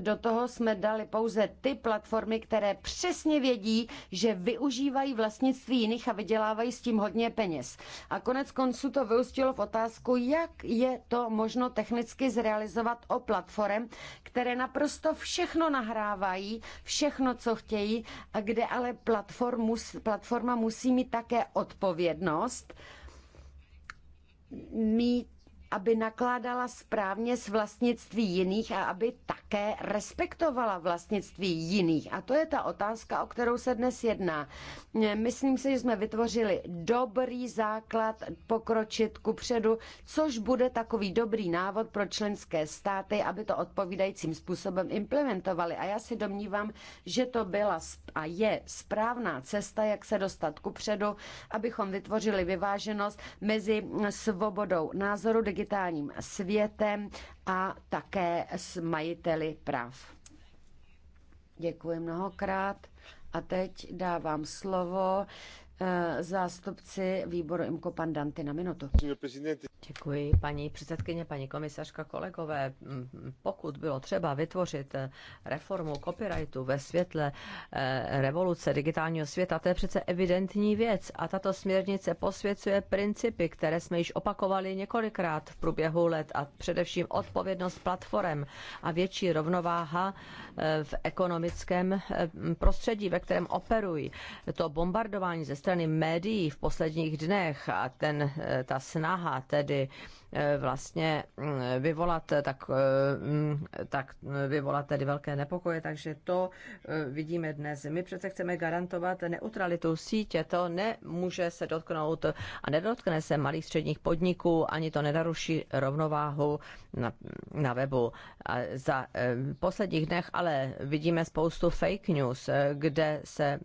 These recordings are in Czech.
do toho jsme dali pouze ty platformy, které přesně vědí, že využívají vlastnictví jiných a vydělávají s tím hodně peněz. A konec konců to vyústilo v otázku, jak je to možno technicky zrealizovat o platform, které naprosto všechno nahrávají, všechno, co chtějí, a kde ale platform, platforma musí mít také odpovědnost mít aby nakládala správně s vlastnictví jiných a aby také respektovala vlastnictví jiných. A to je ta otázka, o kterou se dnes jedná. Myslím si, že jsme vytvořili dobrý základ pokročit ku předu, což bude takový dobrý návod pro členské státy, aby to odpovídajícím způsobem implementovali. A já si domnívám, že to byla a je správná cesta, jak se dostat ku předu, abychom vytvořili vyváženost mezi svobodou názoru, digitálním světem a také s majiteli práv. Děkuji mnohokrát a teď dávám slovo Eh, zástupci výboru IMCO pan na minutu. Děkuji, paní předsedkyně, paní komisařka, kolegové. Mm, pokud bylo třeba vytvořit eh, reformu copyrightu ve světle eh, revoluce digitálního světa, to je přece evidentní věc a tato směrnice posvěcuje principy, které jsme již opakovali několikrát v průběhu let a především odpovědnost platform a větší rovnováha v ekonomickém prostředí, ve kterém operují. To bombardování ze strany strany médií v posledních dnech a ten, eh, ta snaha tedy Eh, vlastně mm, vyvolat, eh, tak, eh, mm, tak vyvolat tedy velké nepokoje, takže to vidíme dnes. My přece chceme garantovat neutralitu sítě, to nemůže se dotknout a nedotkne se malých středních podniků, ani to nedaruší rovnováhu na, na webu. A za posledních dnech ale vidíme spoustu fake news, kde, se,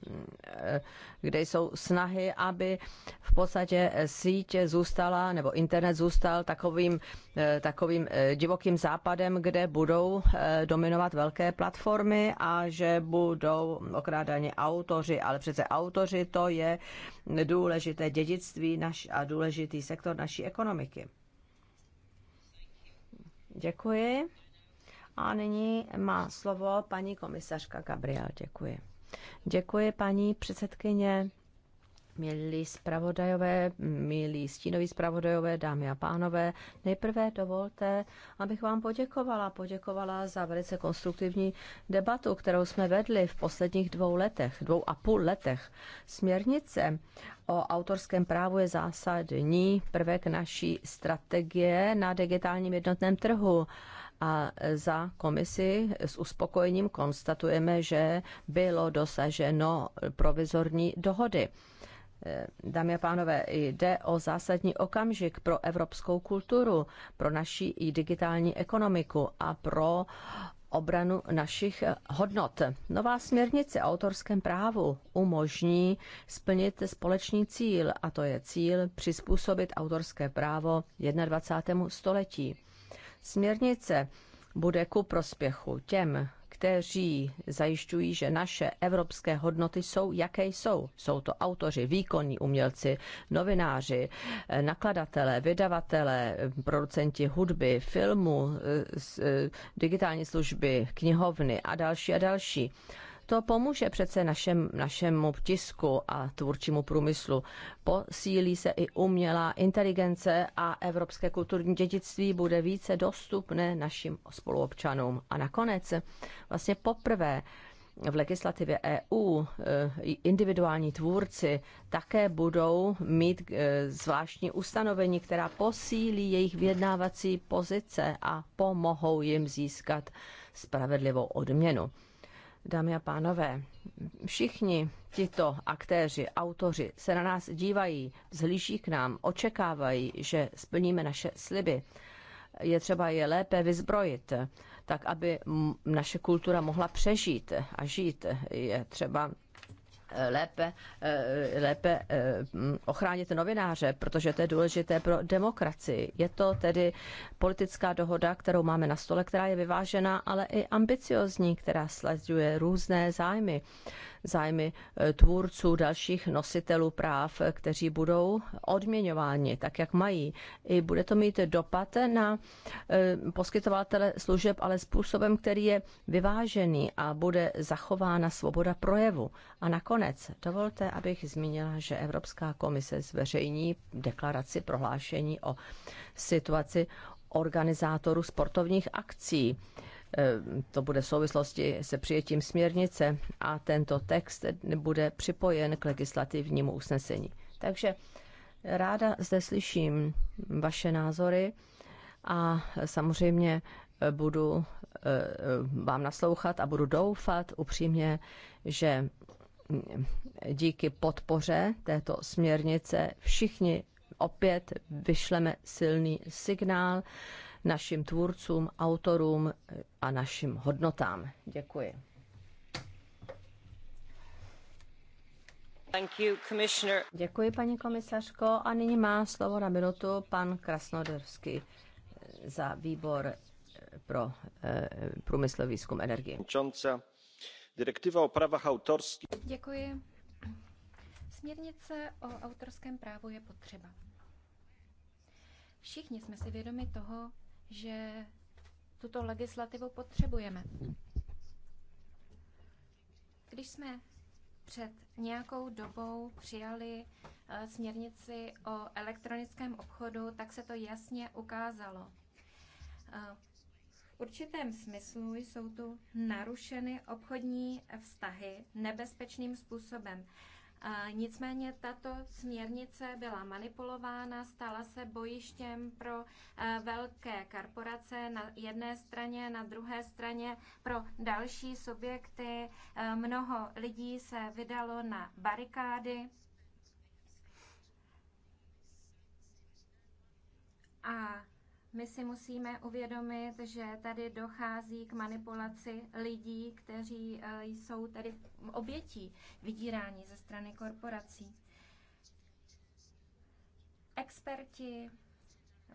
kde jsou snahy, aby v podstatě sítě zůstala, nebo internet zůstal tak takovým, eh, takovým eh, divokým západem, kde budou eh, dominovat velké platformy a že budou okrádáni autoři, ale přece autoři to je důležité dědictví naš a důležitý sektor naší ekonomiky. Děkuji. A nyní má slovo paní komisařka Gabriel. Děkuji. Děkuji, paní předsedkyně. Milí zpravodajové, milí stínoví zpravodajové, dámy a pánové, nejprve dovolte, abych vám poděkovala. Poděkovala za velice konstruktivní debatu, kterou jsme vedli v posledních dvou letech, dvou a půl letech. Směrnice o autorském právu je zásadní prvek naší strategie na digitálním jednotném trhu a za komisi s uspokojením konstatujeme, že bylo dosaženo provizorní dohody Eh, dámy a pánové, jde o zásadní okamžik pro evropskou kulturu, pro naši i digitální ekonomiku a pro obranu našich eh, hodnot. Nová směrnice o autorském právu umožní splnit společný cíl, a to je cíl přizpůsobit autorské právo 21. století. Směrnice bude ku prospěchu těm, kteří zajišťují, že naše evropské hodnoty jsou, jaké jsou. Jsou to autoři, výkonní umělci, novináři, eh, nakladatelé, vydavatelé, producenti hudby, filmu, eh, eh, digitální služby, knihovny a další a další. To pomůže přece našem, našemu tisku a tvůrčímu průmyslu. Posílí se i umělá inteligence a evropské kulturní dědictví bude více dostupné našim spoluobčanům. A nakonec, vlastně poprvé, v legislativě EU eh, individuální tvůrci také budou mít eh, zvláštní ustanovení, která posílí jejich vyjednávací pozice a pomohou jim získat spravedlivou odměnu. Dámy a pánové, všichni tito aktéři, autoři se na nás dívají, zhlíží k nám, očekávají, že splníme naše sliby. Je třeba je lépe vyzbrojit, tak aby naše kultura mohla přežít a žít. Je třeba lépe, eh, lépe eh, ochránit novináře, protože to je důležité pro demokracii. Je to tedy politická dohoda, kterou máme na stole, která je vyvážená, ale i ambiciozní, která sleduje různé zájmy zájmy eh, tvůrců, dalších nositelů práv, eh, kteří budou odměňováni tak, jak mají. I bude to mít dopad na eh, poskytovatele služeb, ale způsobem, který je vyvážený a bude zachována svoboda projevu. A nakonec dovolte, abych zmínila, že Evropská komise zveřejní deklaraci prohlášení o situaci organizátorů sportovních akcí Eh, to bude v souvislosti se přijetím směrnice a tento text bude připojen k legislativnímu usnesení. Takže ráda zde slyším vaše názory a samozřejmě eh, budu eh, vám naslouchat a budu doufat upřímně, že mm, díky podpoře této směrnice všichni opět vyšleme silný signál našim tvůrcům, autorům a našim hodnotám. Děkuji. You, Děkuji, paní komisařko. A nyní má slovo na minutu pan Krasnodorský za výbor eh, pro e, průmysl, výzkum, energie. Direktiva o právech autorských. Děkuji. Směrnice o autorském právu je potřeba. Všichni jsme si vědomi toho, že tuto legislativu potřebujeme. Když jsme před nějakou dobou přijali eh, směrnici o elektronickém obchodu, tak se to jasně ukázalo. Eh, v určitém smyslu jsou tu narušeny obchodní vztahy nebezpečným způsobem. Nicméně tato směrnice byla manipulována, stala se bojištěm pro eh, velké korporace na jedné straně, na druhé straně pro další subjekty. Eh, mnoho lidí se vydalo na barikády. A my si musíme uvědomit, že tady dochází k manipulaci lidí, kteří eh, jsou tady obětí vydírání ze strany korporací. Experti,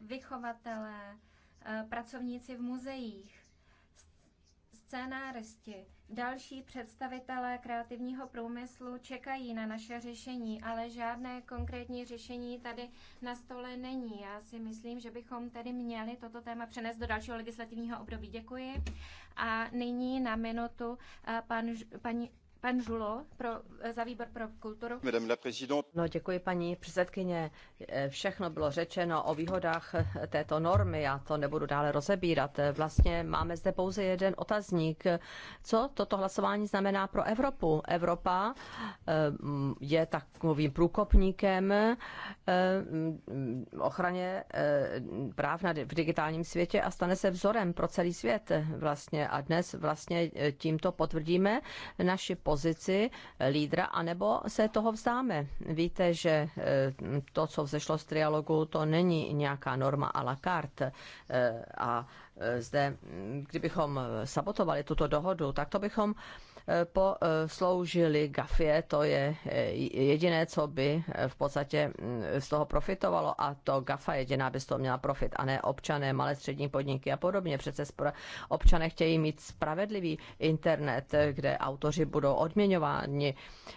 vychovatelé, eh, pracovníci v muzeích, Scénáristi, další představitelé kreativního průmyslu čekají na naše řešení, ale žádné konkrétní řešení tady na stole není. Já si myslím, že bychom tedy měli toto téma přenést do dalšího legislativního období. Děkuji. A nyní na minutu eh, pan, paní Pan Žulo pro, za výbor pro kulturu. No, děkuji, paní předsedkyně. Všechno bylo řečeno o výhodách této normy, já to nebudu dále rozebírat. Vlastně máme zde pouze jeden otazník. Co toto hlasování znamená pro Evropu? Evropa eh, je takovým průkopníkem eh, ochraně eh, práv v digitálním světě a stane se vzorem pro celý svět vlastně. A dnes vlastně tímto potvrdíme naši pozici lídra, anebo se toho vzdáme. Víte, že eh, to, co vzešlo z trialogu, to není nějaká norma à la carte. Eh, a eh, zde, mm, kdybychom sabotovali tuto dohodu, tak to bychom posloužili Gafie, to je eh, jediné, co by eh, v podstatě mm, z toho profitovalo a to Gafa jediná by z toho měla profit a ne občané, malé střední podniky a podobně. Přece občané chtějí mít spravedlivý internet, kde autoři budou odměňováni,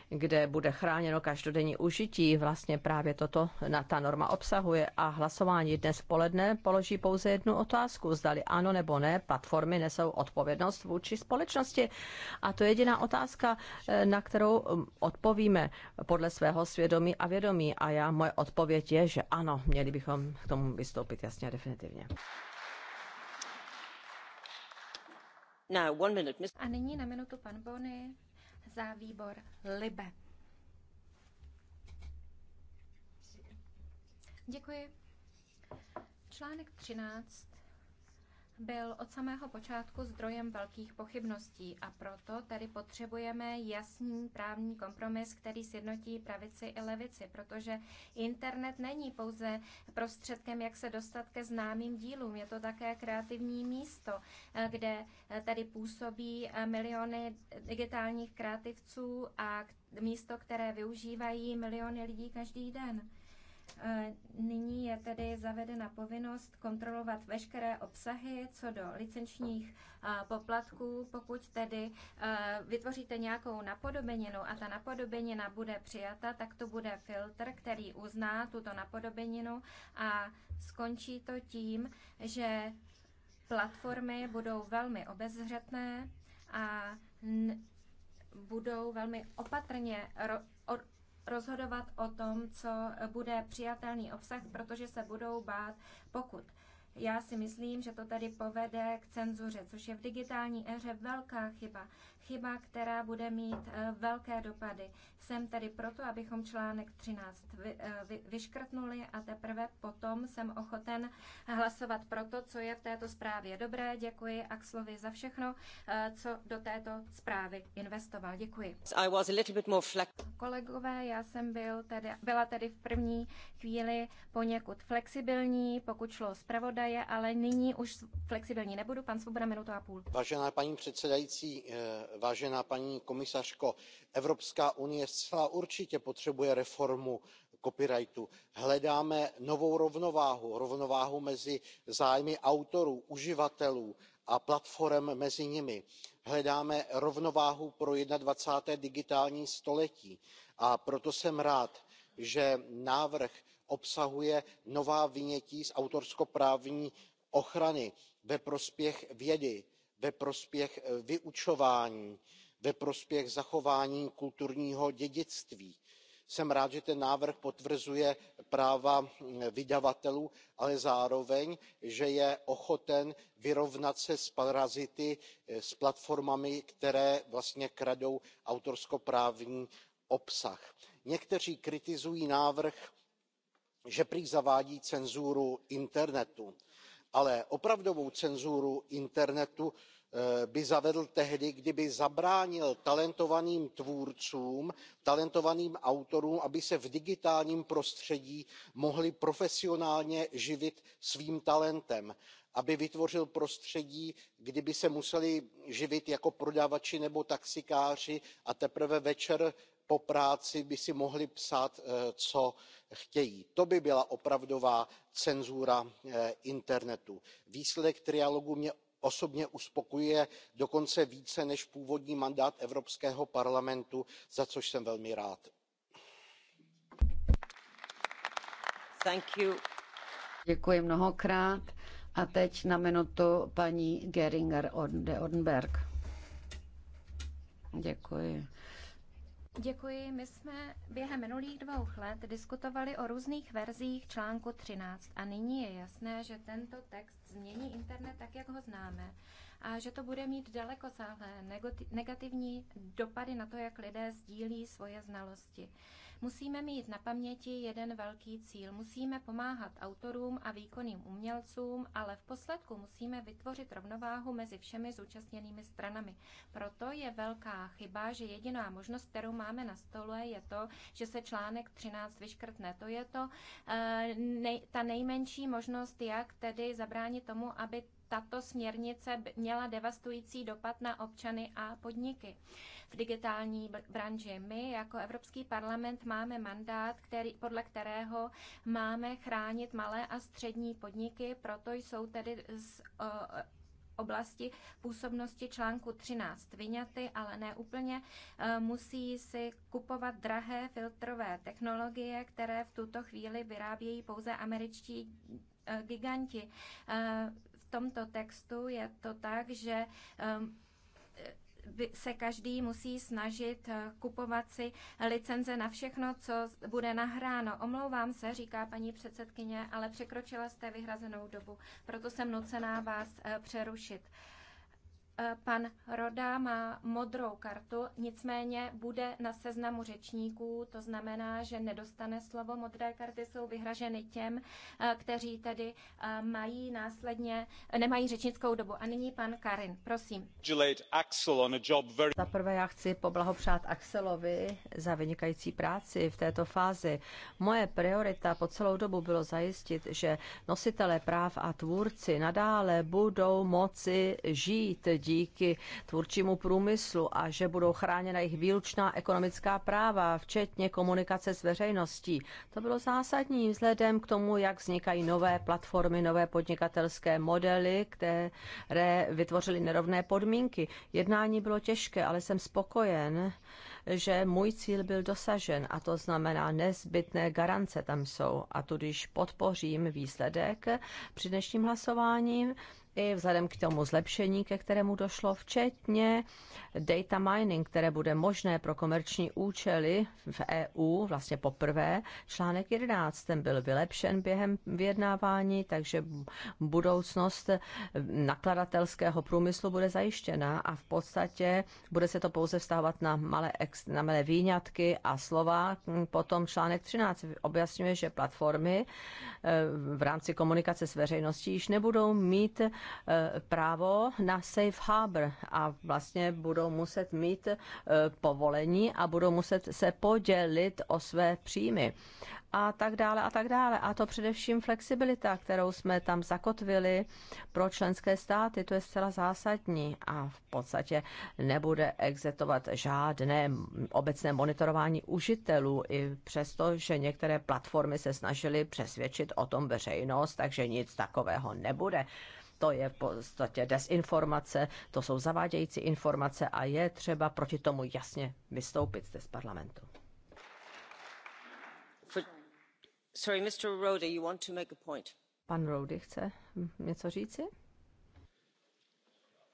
kde bude chráněno každodenní užití. Vlastně právě toto na ta norma obsahuje a hlasování dnes poledne položí pouze jednu otázku, zdali ano nebo ne, platformy nesou odpovědnost vůči společnosti. A to je jediná otázka, eh, na kterou eh, odpovíme podle svého svědomí a vědomí. A já, moje odpověď je, že ano, měli bychom k tomu vystoupit jasně a definitivně. A nyní na minutu pan Bony za výbor Libe. Děkuji. Článek 13 byl od samého počátku zdrojem velkých pochybností a proto tedy potřebujeme jasný právní kompromis, který sjednotí pravici i levici, protože internet není pouze prostředkem, jak se dostat ke známým dílům, je to také kreativní místo, eh, kde eh, tady působí eh, miliony digitálních kreativců a místo, které využívají miliony lidí každý den. Eh, nyní je tedy zavedena povinnost kontrolovat veškeré obsahy co do licenčních eh, poplatků, pokud tedy eh, vytvoříte nějakou napodobeninu a ta napodobenina bude přijata, tak to bude filtr, který uzná tuto napodobeninu a skončí to tím, že platformy budou velmi obezřetné a budou velmi opatrně rozhodovat o tom, co bude přijatelný obsah, protože se budou bát pokud. Já si myslím, že to tady povede k cenzuře, což je v digitální éře velká chyba chyba, která bude mít eh, velké dopady. Jsem tedy proto, abychom článek 13 vy, eh, vy, vyškrtnuli a teprve potom jsem ochoten hlasovat pro to, co je v této zprávě dobré. Děkuji Axlovi za všechno, eh, co do této zprávy investoval. Děkuji. I was a bit more Kolegové, já jsem byl tedy, byla tedy v první chvíli poněkud flexibilní, pokud šlo zpravodaje, ale nyní už flexibilní nebudu. Pan Svoboda, minutu a půl. Vážená paní předsedající, vážená paní komisařko evropská unie zcela určitě potřebuje reformu copyrightu. hledáme novou rovnováhu rovnováhu mezi zájmy autorů uživatelů a platforem mezi nimi. hledáme rovnováhu pro jednadvacáté digitální století a proto jsem rád že návrh obsahuje nová vynětí z autorskoprávní ochrany ve prospěch vědy ve prospěch eh, vyučování ve prospěch zachování kulturního dědictví. jsem rád že ten návrh potvrzuje práva hm, vydavatelů ale zároveň že je ochoten vyrovnat se s parazity eh, s platformami které vlastně kradou autorskoprávní obsah. někteří kritizují návrh že prý zavádí cenzuru internetu ale opravdovou cenzuru internetu eh, by zavedl tehdy kdyby zabránil talentovaným tvůrcům talentovaným autorům aby se v digitálním prostředí mohli profesionálně živit svým talentem aby vytvořil prostředí kdy by se museli živit jako prodavači nebo taxikáři a teprve večer po práci by si mohli psát eh, co chtějí. to by byla opravdová cenzura eh, internetu. výsledek trialogu mě osobně uspokojuje dokonce více než původní mandát evropského parlamentu za což jsem velmi rád. Děkuji mnohokrát a teď na minutu paní geringer de oedenberg. Děkuji. Děkuji. My jsme během minulých dvou let diskutovali o různých verzích článku 13 a nyní je jasné, že tento text změní internet tak, jak ho známe a že to bude mít dalekosáhlé negativní dopady na to, jak lidé sdílí svoje znalosti. Musíme mít na paměti jeden velký cíl. Musíme pomáhat autorům a výkonným umělcům, ale v posledku musíme vytvořit rovnováhu mezi všemi zúčastněnými stranami. Proto je velká chyba, že jediná možnost, kterou máme na stole, je to, že se článek 13 vyškrtne. To je to, eh, nej, ta nejmenší možnost, jak tedy zabránit tomu, aby tato směrnice měla devastující dopad na občany a podniky v digitální branži. My jako Evropský parlament máme mandát, který, podle kterého máme chránit malé a střední podniky, proto jsou tedy z oblasti působnosti článku 13 vyňaty, ale ne úplně. E, musí si kupovat drahé filtrové technologie, které v tuto chvíli vyrábějí pouze američtí e, giganti. E, tomto textu je to tak, že ehm, e, se každý musí snažit e, kupovat si licenze na všechno, co bude nahráno. Omlouvám se, říká paní předsedkyně, ale překročila jste vyhrazenou dobu, proto jsem nucená vás e, přerušit. Eh, pan Roda má modrou kartu, nicméně bude na seznamu řečníků, to znamená, že nedostane slovo. Modré karty jsou vyhraženy těm, eh, kteří tedy eh, mají následně, nemají řečnickou dobu. A nyní pan Karin, prosím. Za prvé já chci poblahopřát Axelovi za vynikající práci v této fázi. Moje priorita po celou dobu bylo zajistit, že nositelé práv a tvůrci nadále budou moci žít dí- díky tvůrčímu průmyslu a že budou chráněna jejich výlučná ekonomická práva, včetně komunikace s veřejností. To bylo zásadní vzhledem k tomu, jak vznikají nové platformy, nové podnikatelské modely, které vytvořily nerovné podmínky. Jednání bylo těžké, ale jsem spokojen že můj cíl byl dosažen a to znamená nezbytné garance tam jsou a tudíž podpořím výsledek při dnešním hlasováním i vzhledem k tomu zlepšení, ke kterému došlo, včetně data mining, které bude možné pro komerční účely v EU vlastně poprvé. Článek 11 ten byl vylepšen během vyjednávání, takže budoucnost nakladatelského průmyslu bude zajištěna a v podstatě bude se to pouze vztahovat na malé, ex, na malé výňatky a slova. Potom článek 13 objasňuje, že platformy eh, v rámci komunikace s veřejností již nebudou mít Eh, právo na safe harbor a vlastně budou muset mít eh, povolení a budou muset se podělit o své příjmy a tak dále a tak dále. A to především flexibilita, kterou jsme tam zakotvili pro členské státy, to je zcela zásadní a v podstatě nebude exetovat žádné obecné monitorování užitelů, i přesto, že některé platformy se snažily přesvědčit o tom veřejnost, takže nic takového nebude to je v podstatě desinformace, to jsou zavádějící informace a je třeba proti tomu jasně vystoupit zde z parlamentu. Sorry, Mr. Rode, you want to make a point. Pan Rody chce něco říci?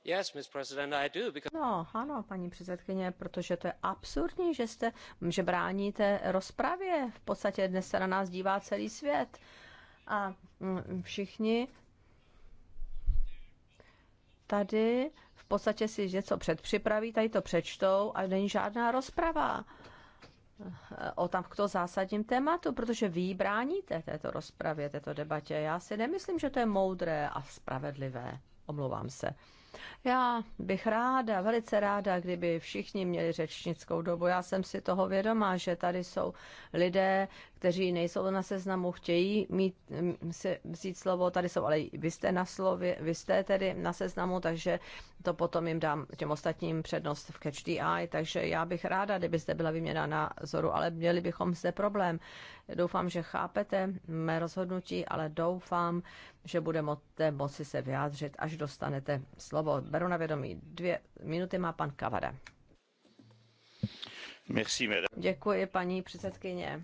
Yes, Ms. President, I do, because... No, ano, paní předsedkyně, protože to je absurdní, že, jste, že bráníte rozpravě. V podstatě dnes se na nás dívá celý svět. A mm, všichni tady v podstatě si něco předpřipraví, tady to přečtou a není žádná rozprava eh, o tam k to zásadním tématu, protože vy bráníte této rozpravě, této debatě. Já si nemyslím, že to je moudré a spravedlivé. Omlouvám se. Já bych ráda, velice ráda, kdyby všichni měli řečnickou dobu. Já jsem si toho vědomá, že tady jsou lidé, kteří nejsou na seznamu, chtějí mít, se vzít slovo, tady jsou, ale vy jste na slově, vy jste tedy na seznamu, takže to potom jim dám těm ostatním přednost v Catch the Eye, takže já bych ráda, kdybyste byla vyměna Zoru, ale měli bychom zde problém. Doufám, že chápete mé rozhodnutí, ale doufám, že budete moci se vyjádřit, až dostanete slovo. Beru na vědomí. Dvě minuty má pan Kavada. Merci, Děkuji, paní předsedkyně.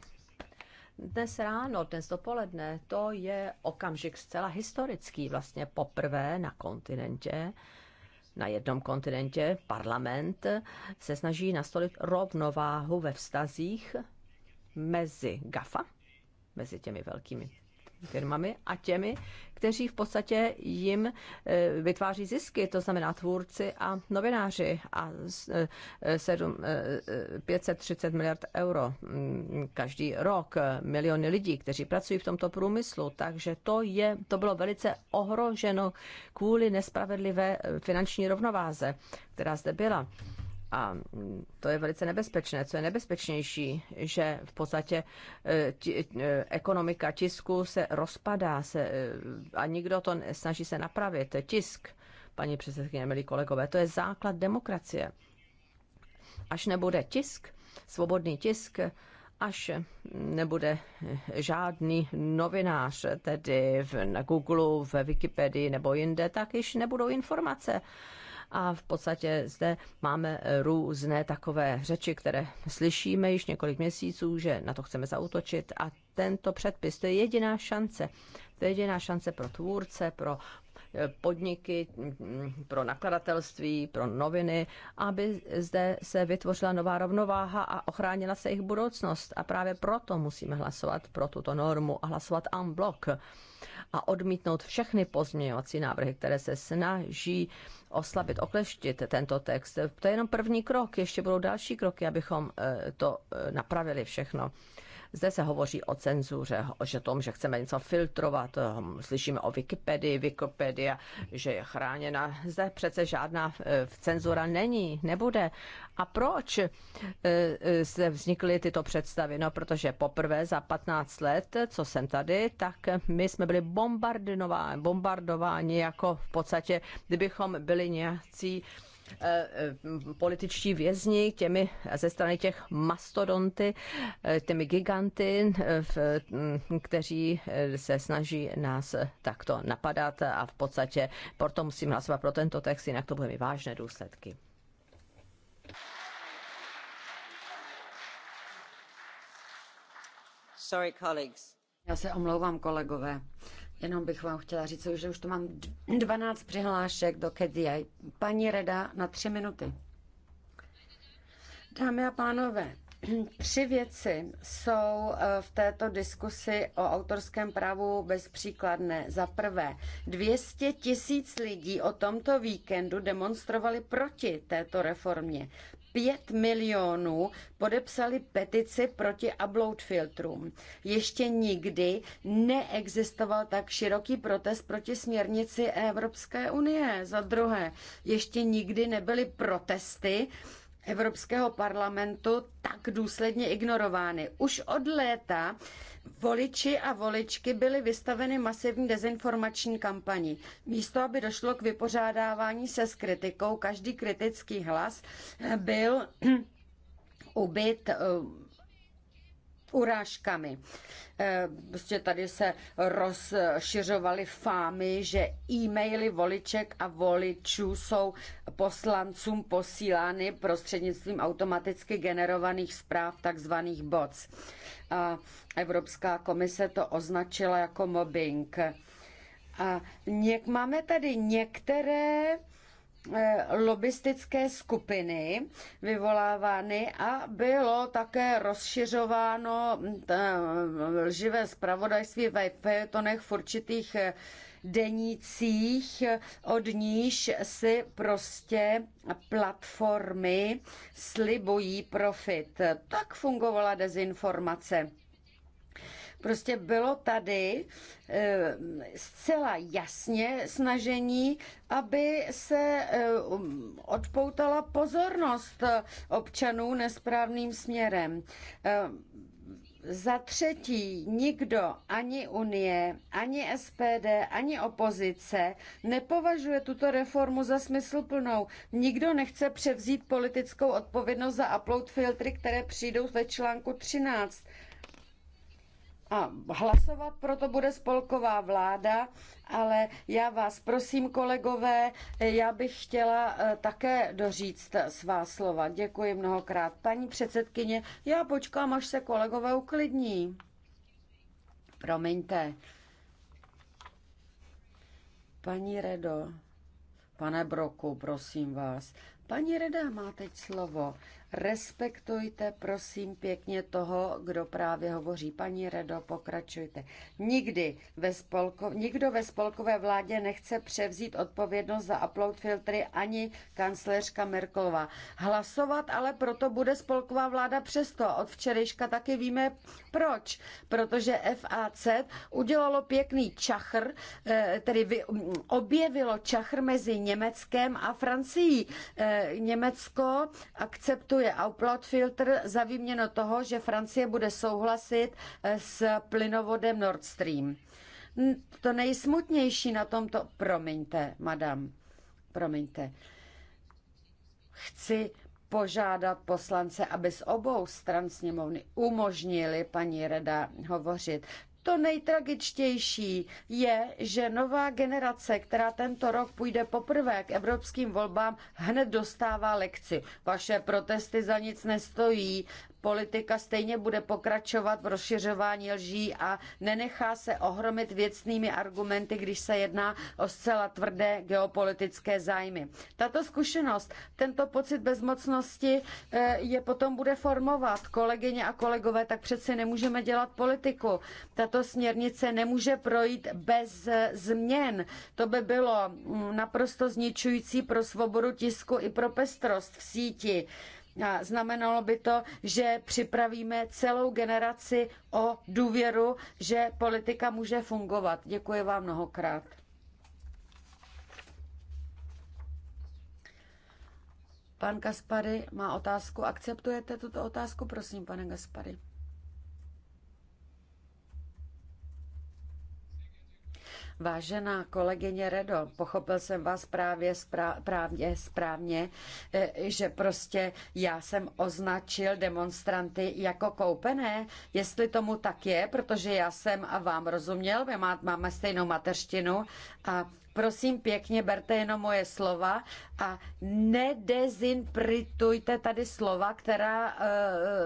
Dnes ráno, dnes dopoledne, to je okamžik zcela historický vlastně poprvé na kontinentě, na jednom kontinentě parlament se snaží nastolit rovnováhu ve vztazích mezi GAFA, mezi těmi velkými firmami a těmi, kteří v podstatě jim e, vytváří zisky, to znamená tvůrci a novináři a 7, 530 e, e, miliard euro mm, každý rok, miliony lidí, kteří pracují v tomto průmyslu, takže to, je, to bylo velice ohroženo kvůli nespravedlivé finanční rovnováze, která zde byla. A mm, to je velice nebezpečné. Co je nebezpečnější, že v podstatě e, ti, e, ekonomika tisku se rozpadá se, e, a nikdo to snaží se napravit. Tisk, paní předsedkyně, milí kolegové, to je základ demokracie. Až nebude tisk, svobodný tisk, až nebude žádný novinář, tedy v, na Google, ve Wikipedii nebo jinde, tak již nebudou informace. A v podstatě zde máme různé takové řeči, které slyšíme již několik měsíců, že na to chceme zautočit a tento předpis, to je jediná šance. To je jediná šance pro tvůrce, pro eh, podniky, mm, pro nakladatelství, pro noviny, aby zde se vytvořila nová rovnováha a ochránila se jejich budoucnost. A právě proto musíme hlasovat pro tuto normu a hlasovat en bloc a odmítnout všechny pozměňovací návrhy, které se snaží oslabit, okleštit tento text. To je jenom první krok, ještě budou další kroky, abychom eh, to eh, napravili všechno. Zde se hovoří o cenzuře, o tom, že chceme něco filtrovat, ehm, slyšíme o Wikipedii, Wikipedia, že je chráněna. Zde přece žádná eh, cenzura není, nebude. A proč eh, eh, se vznikly tyto představy? No, protože poprvé za 15 let, co jsem tady, tak my jsme byli bombardováni, bombardováni jako v podstatě, kdybychom byli nějací Eh, eh, političtí vězni těmi, ze strany těch mastodonty, eh, těmi giganty, mm, kteří se snaží nás takto napadat a v podstatě proto musím hlasovat pro tento text, jinak to bude mít vážné důsledky. Sorry, colleagues. Já se omlouvám, kolegové. Jenom bych vám chtěla říct, že už to mám 12 přihlášek do KDI. Paní Reda na tři minuty. Dámy a pánové, Tři věci jsou eh, v této diskusi o autorském právu bezpříkladné. Za prvé, 200 tisíc lidí o tomto víkendu demonstrovali proti této reformě. 5 milionů podepsali petici proti upload filtrům. Ještě nikdy neexistoval tak široký protest proti směrnici Evropské unie. Za druhé, ještě nikdy nebyly protesty Evropského parlamentu tak důsledně ignorovány. Už od léta Voliči a voličky byly vystaveny masivní dezinformační kampani. Místo, aby došlo k vypořádávání se s kritikou, každý kritický hlas byl ubyt eh, urážkami. Eh, prostě tady se rozšiřovaly fámy, že e-maily voliček a voličů jsou poslancům posílány prostřednictvím automaticky generovaných zpráv, takzvaných bots. A Evropská komise to označila jako mobbing. A něk, máme tady některé Eh, lobistické skupiny vyvolávány a bylo také rozšiřováno eh, lživé zpravodajství ve fejetonech v určitých eh, denících, od níž si prostě platformy slibují profit. Tak fungovala dezinformace. Prostě bylo tady eh, zcela jasně snažení, aby se eh, um, odpoutala pozornost eh, občanů nesprávným směrem. Za třetí, nikdo, ani Unie, ani SPD, ani opozice nepovažuje tuto reformu za smysluplnou. Nikdo nechce převzít politickou odpovědnost za upload filtry, které přijdou ve článku 13 a hlasovat proto bude spolková vláda, ale já vás prosím, kolegové, já bych chtěla eh, také doříct svá slova. Děkuji mnohokrát. Paní předsedkyně, já počkám, až se kolegové uklidní. Promiňte. Paní Redo, pane Broku, prosím vás. Paní Reda má teď slovo. Respektujte, prosím, pěkně toho, kdo právě hovoří. Paní Redo, pokračujte. Nikdy ve spolko, nikdo ve spolkové vládě nechce převzít odpovědnost za upload filtry ani kancléřka Merklova. Hlasovat ale proto bude spolková vláda přesto. Od včerejška taky víme proč. Protože FAC udělalo pěkný čachr, eh, tedy objevilo čachr mezi Německem a Francií. Eh, Německo akceptuje hlasuje outplot Filter za výměnu toho, že Francie bude souhlasit eh, s plynovodem Nord Stream. To nejsmutnější na tomto, promiňte, madam, promiňte, chci požádat poslance, aby z obou stran sněmovny umožnili paní Reda hovořit. To nejtragičtější je, že nová generace, která tento rok půjde poprvé k evropským volbám, hned dostává lekci. Vaše protesty za nic nestojí, politika stejně bude pokračovat v rozšiřování lží a nenechá se ohromit věcnými argumenty, když se jedná o zcela tvrdé geopolitické zájmy. Tato zkušenost, tento pocit bezmocnosti eh, je potom bude formovat. Kolegyně a kolegové, tak přeci nemůžeme dělat politiku. Tato směrnice nemůže projít bez eh, změn. To by bylo mm, naprosto zničující pro svobodu tisku i pro pestrost v síti a znamenalo by to, že připravíme celou generaci o důvěru, že politika může fungovat. Děkuji vám mnohokrát. Pan Gaspary má otázku. Akceptujete tuto otázku? Prosím, pane Gaspary. Vážená kolegyně Redo, pochopil jsem vás právě správně, správně, e, že prostě já jsem označil demonstranty jako koupené. Jestli tomu tak je, protože já jsem a vám rozuměl, my má, máme stejnou mateřštinu a prosím pěkně, berte jenom moje slova a nedezinpritujte tady slova, která e,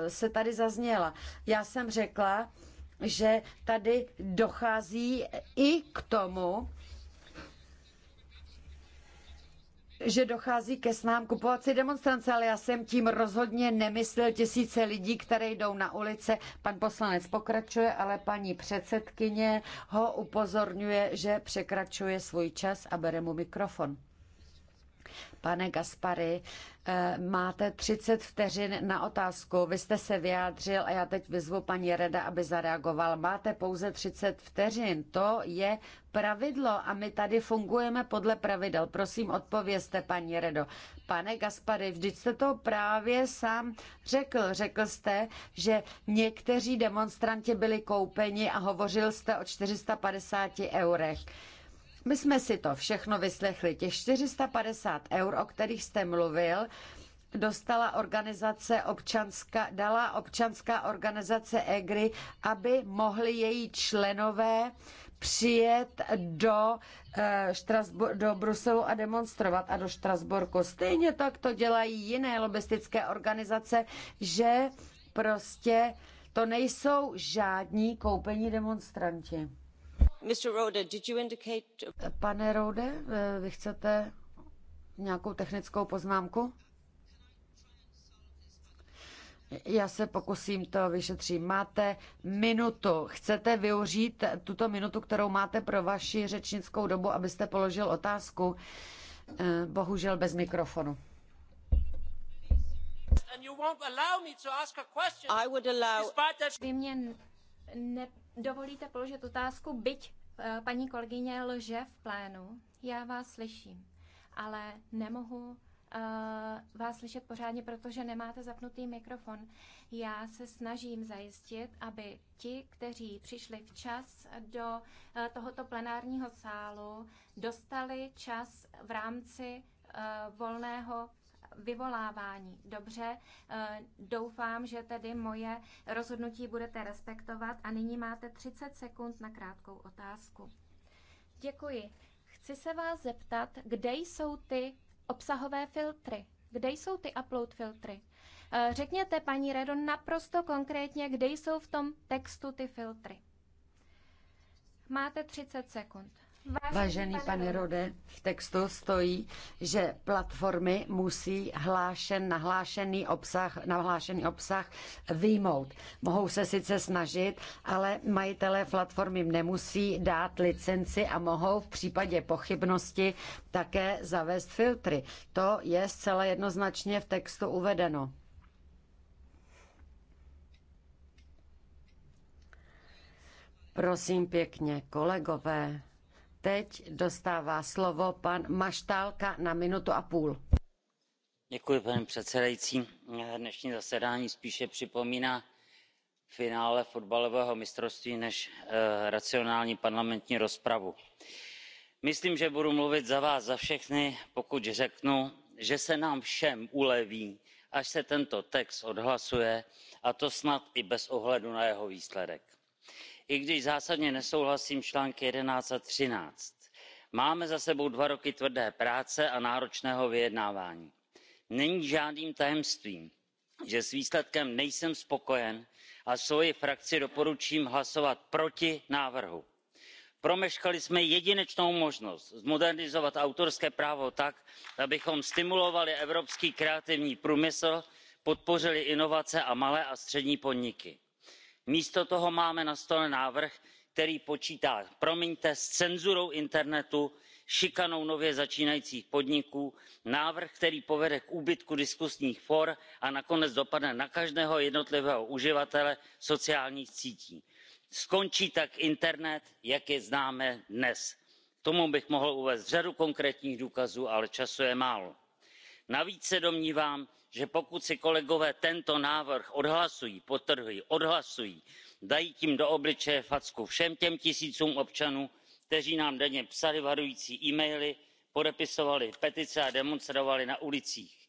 e, se tady zazněla. Já jsem řekla, že tady dochází i k tomu, že dochází ke snám kupovací demonstrance, ale já jsem tím rozhodně nemyslel tisíce lidí, které jdou na ulice. Pan poslanec pokračuje, ale paní předsedkyně ho upozorňuje, že překračuje svůj čas a bere mu mikrofon. Pane Gaspary, eh, máte 30 vteřin na otázku. Vy jste se vyjádřil a já teď vyzvu paní Reda, aby zareagoval. Máte pouze 30 vteřin. To je pravidlo a my tady fungujeme podle pravidel. Prosím, odpovězte, paní Redo. Pane Gaspary, vždyť jste to právě sám řekl. Řekl jste, že někteří demonstranti byli koupeni a hovořil jste o 450 eurech. My jsme si to všechno vyslechli. Těch 450 eur, o kterých jste mluvil, dostala organizace občanská, dala občanská organizace EGRI, aby mohli její členové přijet do, uh, do Bruselu a demonstrovat a do Štrasburku. Stejně tak to dělají jiné lobistické organizace, že prostě to nejsou žádní koupení demonstranti. Uh, Pane Rode, eh, vy chcete nějakou technickou poznámku? Já se pokusím to vyšetřit. Máte minutu. Chcete využít tuto minutu, kterou máte pro vaši řečnickou dobu, abyste položil otázku? Eh, bohužel bez mikrofonu. Vy mě ne dovolíte položit otázku, byť eh, paní kolegyně lže v plénu, já vás slyším, ale nemohu eh, vás slyšet pořádně, protože nemáte zapnutý mikrofon. Já se snažím zajistit, aby ti, kteří přišli včas do eh, tohoto plenárního sálu, dostali čas v rámci volného vyvolávání. Dobře, eh, doufám, že tedy moje rozhodnutí budete respektovat a nyní máte 30 sekund na krátkou otázku. Děkuji. Chci se vás zeptat, kde jsou ty obsahové filtry? Kde jsou ty upload filtry? Eh, řekněte, paní Redon naprosto konkrétně, kde jsou v tom textu ty filtry. Máte 30 sekund. Vážený pane Rode, v textu stojí, že platformy musí hlášen, nahlášený obsah, nahlášený obsah výjmout. Mohou se sice snažit, ale majitelé platformy nemusí dát licenci a mohou v případě pochybnosti také zavést filtry. To je zcela jednoznačně v textu uvedeno. Prosím pěkně, kolegové, Teď dostává slovo pan Maštálka na minutu a půl. Děkuji, paní předsedající. Dnešní zasedání spíše připomíná finále fotbalového mistrovství než eh, racionální parlamentní rozpravu. myslím že budu mluvit za vás za všechny pokud řeknu že se nám všem uleví až se tento text odhlasuje a to snad i bez ohledu na jeho výsledek i když zásadně nesouhlasím s články eleven a. thirteen máme za sebou dva roky tvrdé práce a náročného vyjednávání. není žádným tajemstvím že s výsledkem nejsem spokojen a svoji frakci doporučím hlasovat proti návrhu. promeškali jsme jedinečnou možnost zmodernizovat autorské právo tak abychom stimulovali evropský kreativní průmysl podpořili inovace a malé a střední podniky místo toho máme na stole návrh který počítá promiňte s cenzurou internetu šikanou nově začínajících podniků návrh který povede k úbytku diskusních fór a nakonec dopadne na každého jednotlivého uživatele sociálních sítí. skončí tak internet jak jej známe dnes. k tomu bych mohl uvést řadu konkrétních důkazů ale času je málo. navíc se domnívám že pokud si kolegové tento návrh odhlasují podtrhuji odhlasují dají tím do obličeje facku všem těm tisícům občanů kteří nám denně psali varující e maily podepisovali petice a demonstrovali na ulicích.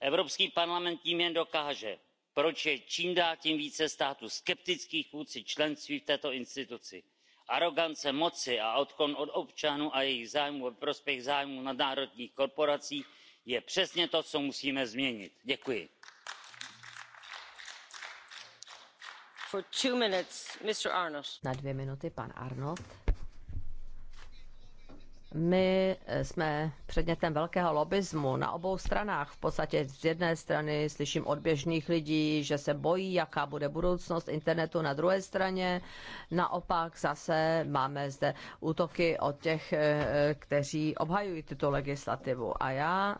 evropský parlament tím jen dokáže proč je čím dál tím více států skeptických vůči členství v této instituci. arogance moci a odklon od občanů a jejich zájmů ve prospěch zájmů nadnárodních korporací je přesně to co musíme změnit. děkuji. na minuty arnott. My eh, jsme předmětem velkého lobismu na obou stranách. V podstatě z jedné strany slyším od běžných lidí, že se bojí, jaká bude budoucnost internetu. Na druhé straně naopak zase máme zde útoky od těch, eh, kteří obhajují tuto legislativu. A já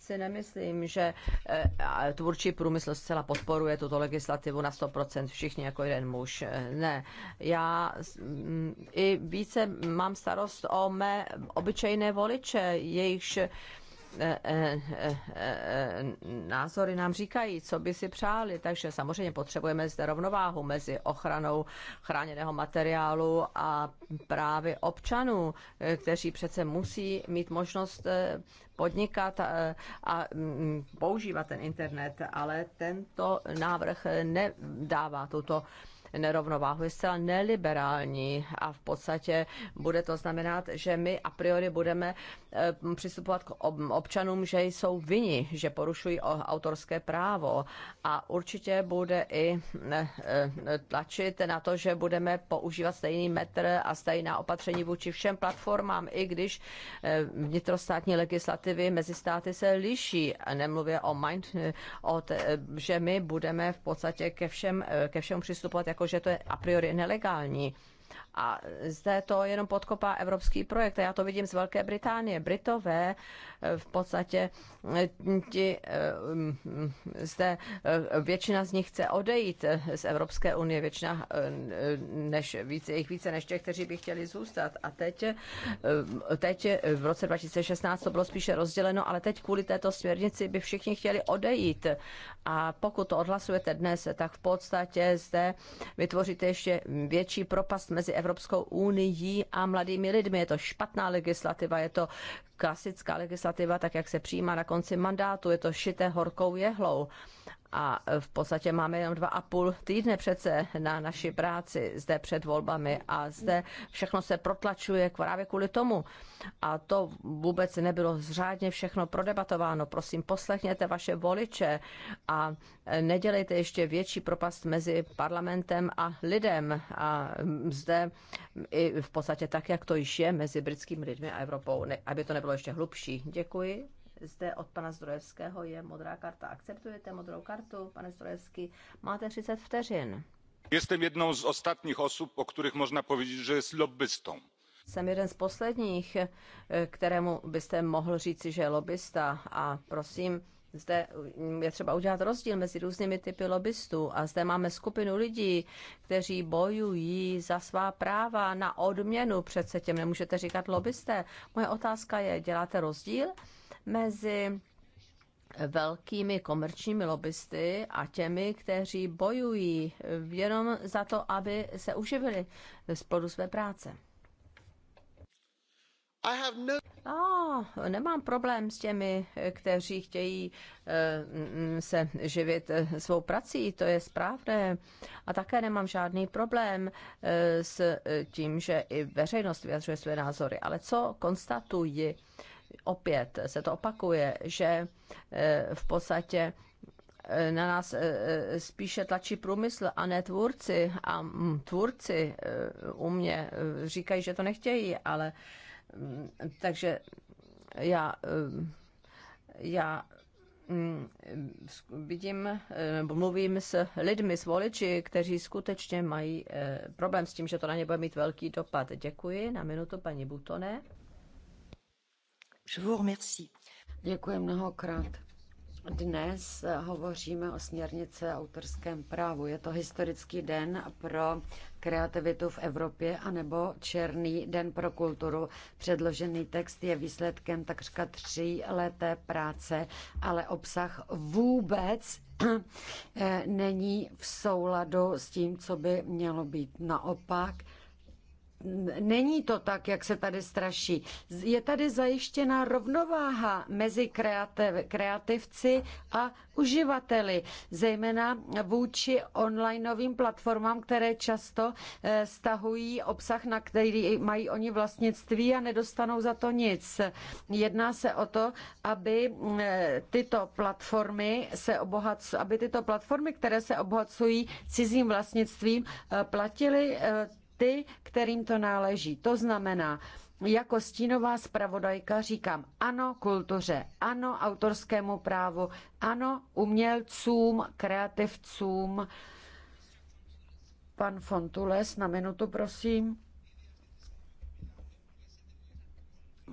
si nemyslím, že eh, tvůrčí průmysl zcela podporuje tuto legislativu na 100% všichni jako jeden muž. Ne. Já i více mám starost o mé obyčejné voliče, jejichž eh, eh, eh, názory nám říkají, co by si přáli. Takže samozřejmě potřebujeme zde rovnováhu mezi ochranou chráněného materiálu a právy občanů, kteří přece musí mít možnost podnikat a, a mm, používat ten internet, ale tento návrh nedává tuto nerovnováhu je zcela neliberální a v podstatě bude to znamenat, že my a priori budeme eh, přistupovat k občanům, že jsou vini, že porušují autorské právo a určitě bude i eh, eh, tlačit na to, že budeme používat stejný metr a stejná opatření vůči všem platformám, i když vnitrostátní legislativy mezi státy se liší. Nemluvě o mind, o t, že my budeme v podstatě ke všem, ke všem přistupovat jako jako že to je a priori nelegální. A zde to jenom podkopá evropský projekt. A já to vidím z Velké Británie. Britové eh, v podstatě eh, ti eh, zde většina z nich chce odejít z Evropské unie, většina než více, jich více než těch, kteří by chtěli zůstat. A teď, teď v roce 2016 to bylo spíše rozděleno, ale teď kvůli této směrnici by všichni chtěli odejít. A pokud to odhlasujete dnes, tak v podstatě zde vytvoříte ještě větší propast mezi Evropskou Evropskou unii a mladými lidmi. Je to špatná legislativa, je to klasická legislativa, tak jak se přijímá na konci mandátu, je to šité horkou jehlou a v podstatě máme jenom dva a půl týdne přece na naši práci zde před volbami a zde všechno se protlačuje právě kvůli tomu. A to vůbec nebylo zřádně všechno prodebatováno. Prosím, poslechněte vaše voliče a nedělejte ještě větší propast mezi parlamentem a lidem. A zde i v podstatě tak, jak to již je mezi britskými lidmi a Evropou, aby to nebylo ještě hlubší. Děkuji zde od pana Zdrojevského je modrá karta. Akceptujete modrou kartu, pane Zdrojevský? Máte 30 vteřin. Jestem jednou z ostatních osob, o kterých možná povědět, že je lobbystą. Jsem jeden z posledních, eh, kterému byste mohl říci, že je lobbysta. A prosím, zde je třeba udělat rozdíl mezi různými typy lobbystů a zde máme skupinu lidí, kteří bojují za svá práva na odměnu. Přece těm nemůžete říkat lobbysté. Moje otázka je, děláte rozdíl mezi velkými komerčními lobbysty a těmi, kteří bojují jenom za to, aby se uživili z plodu své práce. No... oh, nemám problém s těmi, kteří chtějí eh, mm, mm, se živit eh, svou prací, to je správné. A také nemám žádný problém eh, s tím, že i veřejnost vyjadřuje své názory. Ale co konstatuji? opět se to opakuje, že eh, v podstatě eh, na nás eh, spíše tlačí průmysl a ne tvůrci. A mm, tvůrci u mě říkají, že to nechtějí, ale mm, takže já, já mm, vidím, nebo mluvím s lidmi, s voliči, kteří skutečně mají problém s tím, že to na ně bude mít velký dopad. Děkuji. Na minutu paní Butone. Děkuji mnohokrát. Dnes eh, hovoříme o směrnice autorském právu. Je to historický den pro kreativitu v Evropě anebo Černý den pro kulturu. Předložený text je výsledkem takřka tří leté práce, ale obsah vůbec eh, není v souladu s tím, co by mělo být. Naopak, Není to tak, jak se tady straší. Je tady zajištěna rovnováha mezi kreativ, kreativci a uživateli, zejména vůči onlineovým platformám, které často eh, stahují obsah, na který mají oni vlastnictví a nedostanou za to nic. Jedná se o to, aby eh, tyto platformy se obohac, aby tyto platformy, které se obohacují cizím vlastnictvím, eh, platily ty, kterým to náleží. To znamená, jako stínová zpravodajka říkám ano kultuře, ano autorskému právu, ano umělcům, kreativcům. Pan Fontules, na minutu prosím.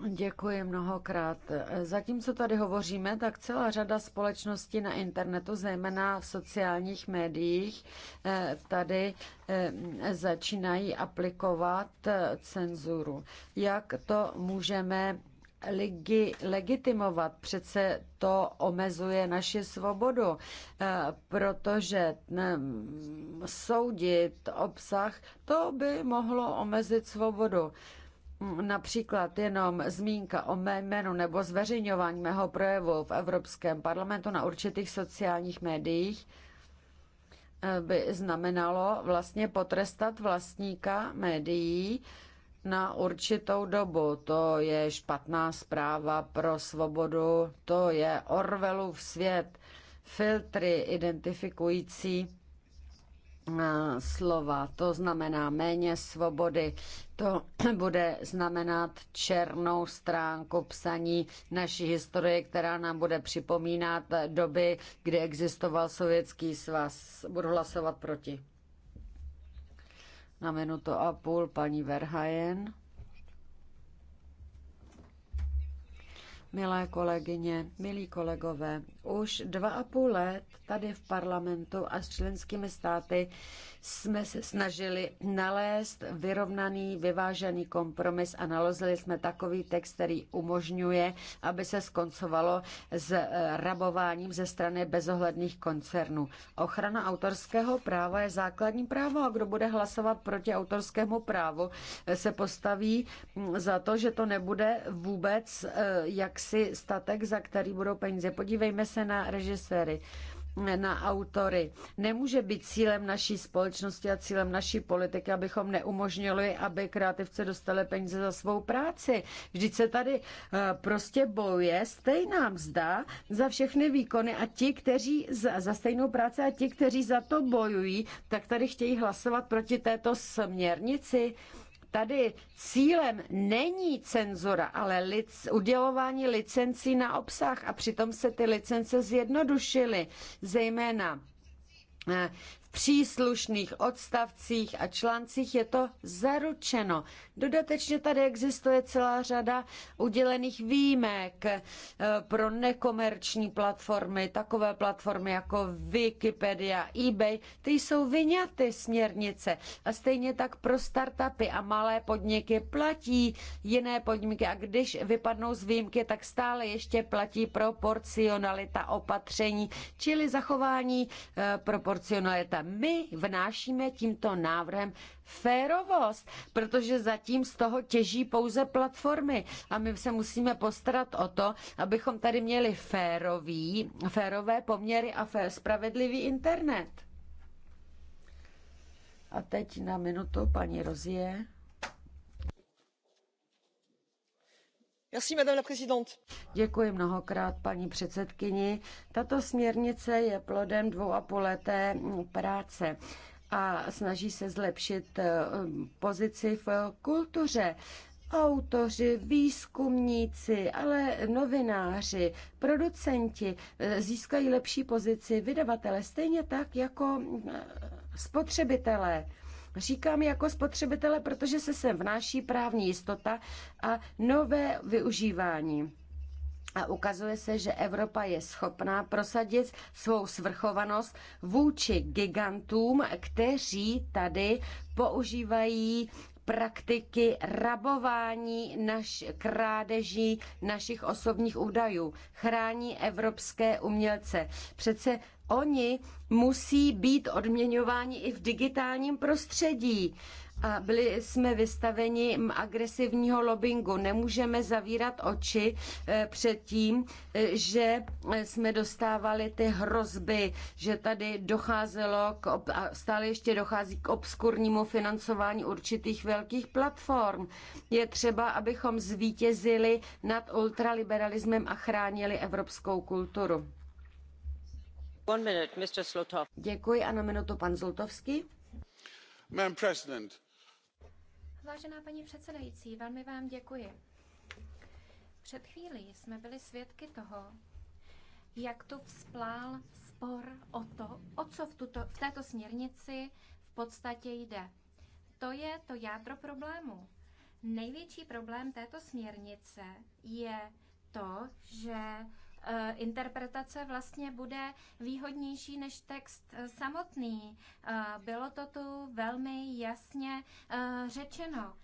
Děkuji mnohokrát. Zatímco tady hovoříme, tak celá řada společností na internetu, zejména v sociálních médiích, tady eh, začínají aplikovat eh, cenzuru. Jak to můžeme legi, legitimovat. Přece to omezuje naši svobodu, eh, protože soudit obsah, to by mohlo omezit svobodu. Například jenom zmínka o mé jménu nebo zveřejňování mého projevu v Evropském parlamentu na určitých sociálních médiích eh, by znamenalo vlastně potrestat vlastníka médií na určitou dobu. To je špatná zpráva pro svobodu, to je Orwellův svět, filtry identifikující Eh, slova, to znamená méně svobody, to bude znamenat černou stránku psaní naší historie, která nám bude připomínat doby, kdy existoval Sovětský svaz. Budu hlasovat proti. Na minutu a půl paní Verhajen. Milé kolegyně, milí kolegové, už dva a půl let tady v parlamentu a s členskými státy jsme se snažili nalézt vyrovnaný, vyvážený kompromis a nalozili jsme takový text, který umožňuje, aby se skoncovalo s eh, rabováním ze strany bezohledných koncernů. Ochrana autorského práva je základní právo a kdo bude hlasovat proti autorskému právu, eh, se postaví mm, za to, že to nebude vůbec eh, jak jaksi statek, za který budou peníze. Podívejme se na režiséry na autory. Nemůže být cílem naší společnosti a cílem naší politiky, abychom neumožnili, aby kreativce dostali peníze za svou práci. Vždyť se tady eh, prostě bojuje stejná mzda za všechny výkony a ti, kteří za, za stejnou práci a ti, kteří za to bojují, tak tady chtějí hlasovat proti této směrnici. Tady cílem není cenzura, ale lic, udělování licencí na obsah a přitom se ty licence zjednodušily, zejména eh, příslušných odstavcích a článcích je to zaručeno. Dodatečně tady existuje celá řada udělených výjimek eh, pro nekomerční platformy, takové platformy jako Wikipedia, eBay, ty jsou vyňaty směrnice. A stejně tak pro startupy a malé podniky platí jiné podniky a když vypadnou z výjimky, tak stále ještě platí proporcionalita opatření, čili zachování eh, proporcionalita my vnášíme tímto návrhem férovost, protože zatím z toho těží pouze platformy a my se musíme postarat o to, abychom tady měli férový, férové poměry a fér, spravedlivý internet. A teď na minutu paní Rozie. Děkuji mnohokrát, paní předsedkyni. Tato směrnice je plodem dvou a půl leté práce a snaží se zlepšit eh, pozici v kultuře. Autoři, výzkumníci, ale novináři, producenti eh, získají lepší pozici vydavatele, stejně tak jako eh, spotřebitelé. Říkám jako spotřebitele, protože se sem vnáší právní jistota a nové využívání. A ukazuje se, že Evropa je schopná prosadit svou svrchovanost vůči gigantům, kteří tady používají praktiky rabování, naš, krádeží našich osobních údajů. Chrání evropské umělce. Přece Oni musí být odměňováni i v digitálním prostředí. A byli jsme vystaveni agresivního lobbingu. Nemůžeme zavírat oči eh, před tím, eh, že jsme dostávali ty hrozby, že tady docházelo k, a stále ještě dochází k obskurnímu financování určitých velkých platform. Je třeba, abychom zvítězili nad ultraliberalismem a chránili evropskou kulturu. Děkuji a na pan Vážená paní předsedající, velmi vám děkuji. Před chvílí jsme byli svědky toho, jak tu vzplál spor o to, o co v, tuto, v této směrnici v podstatě jde. To je to jádro problému. Největší problém této směrnice je to, že Eh, interpretace vlastně bude výhodnější než text eh, samotný. Eh, bylo to tu velmi jasně řečeno.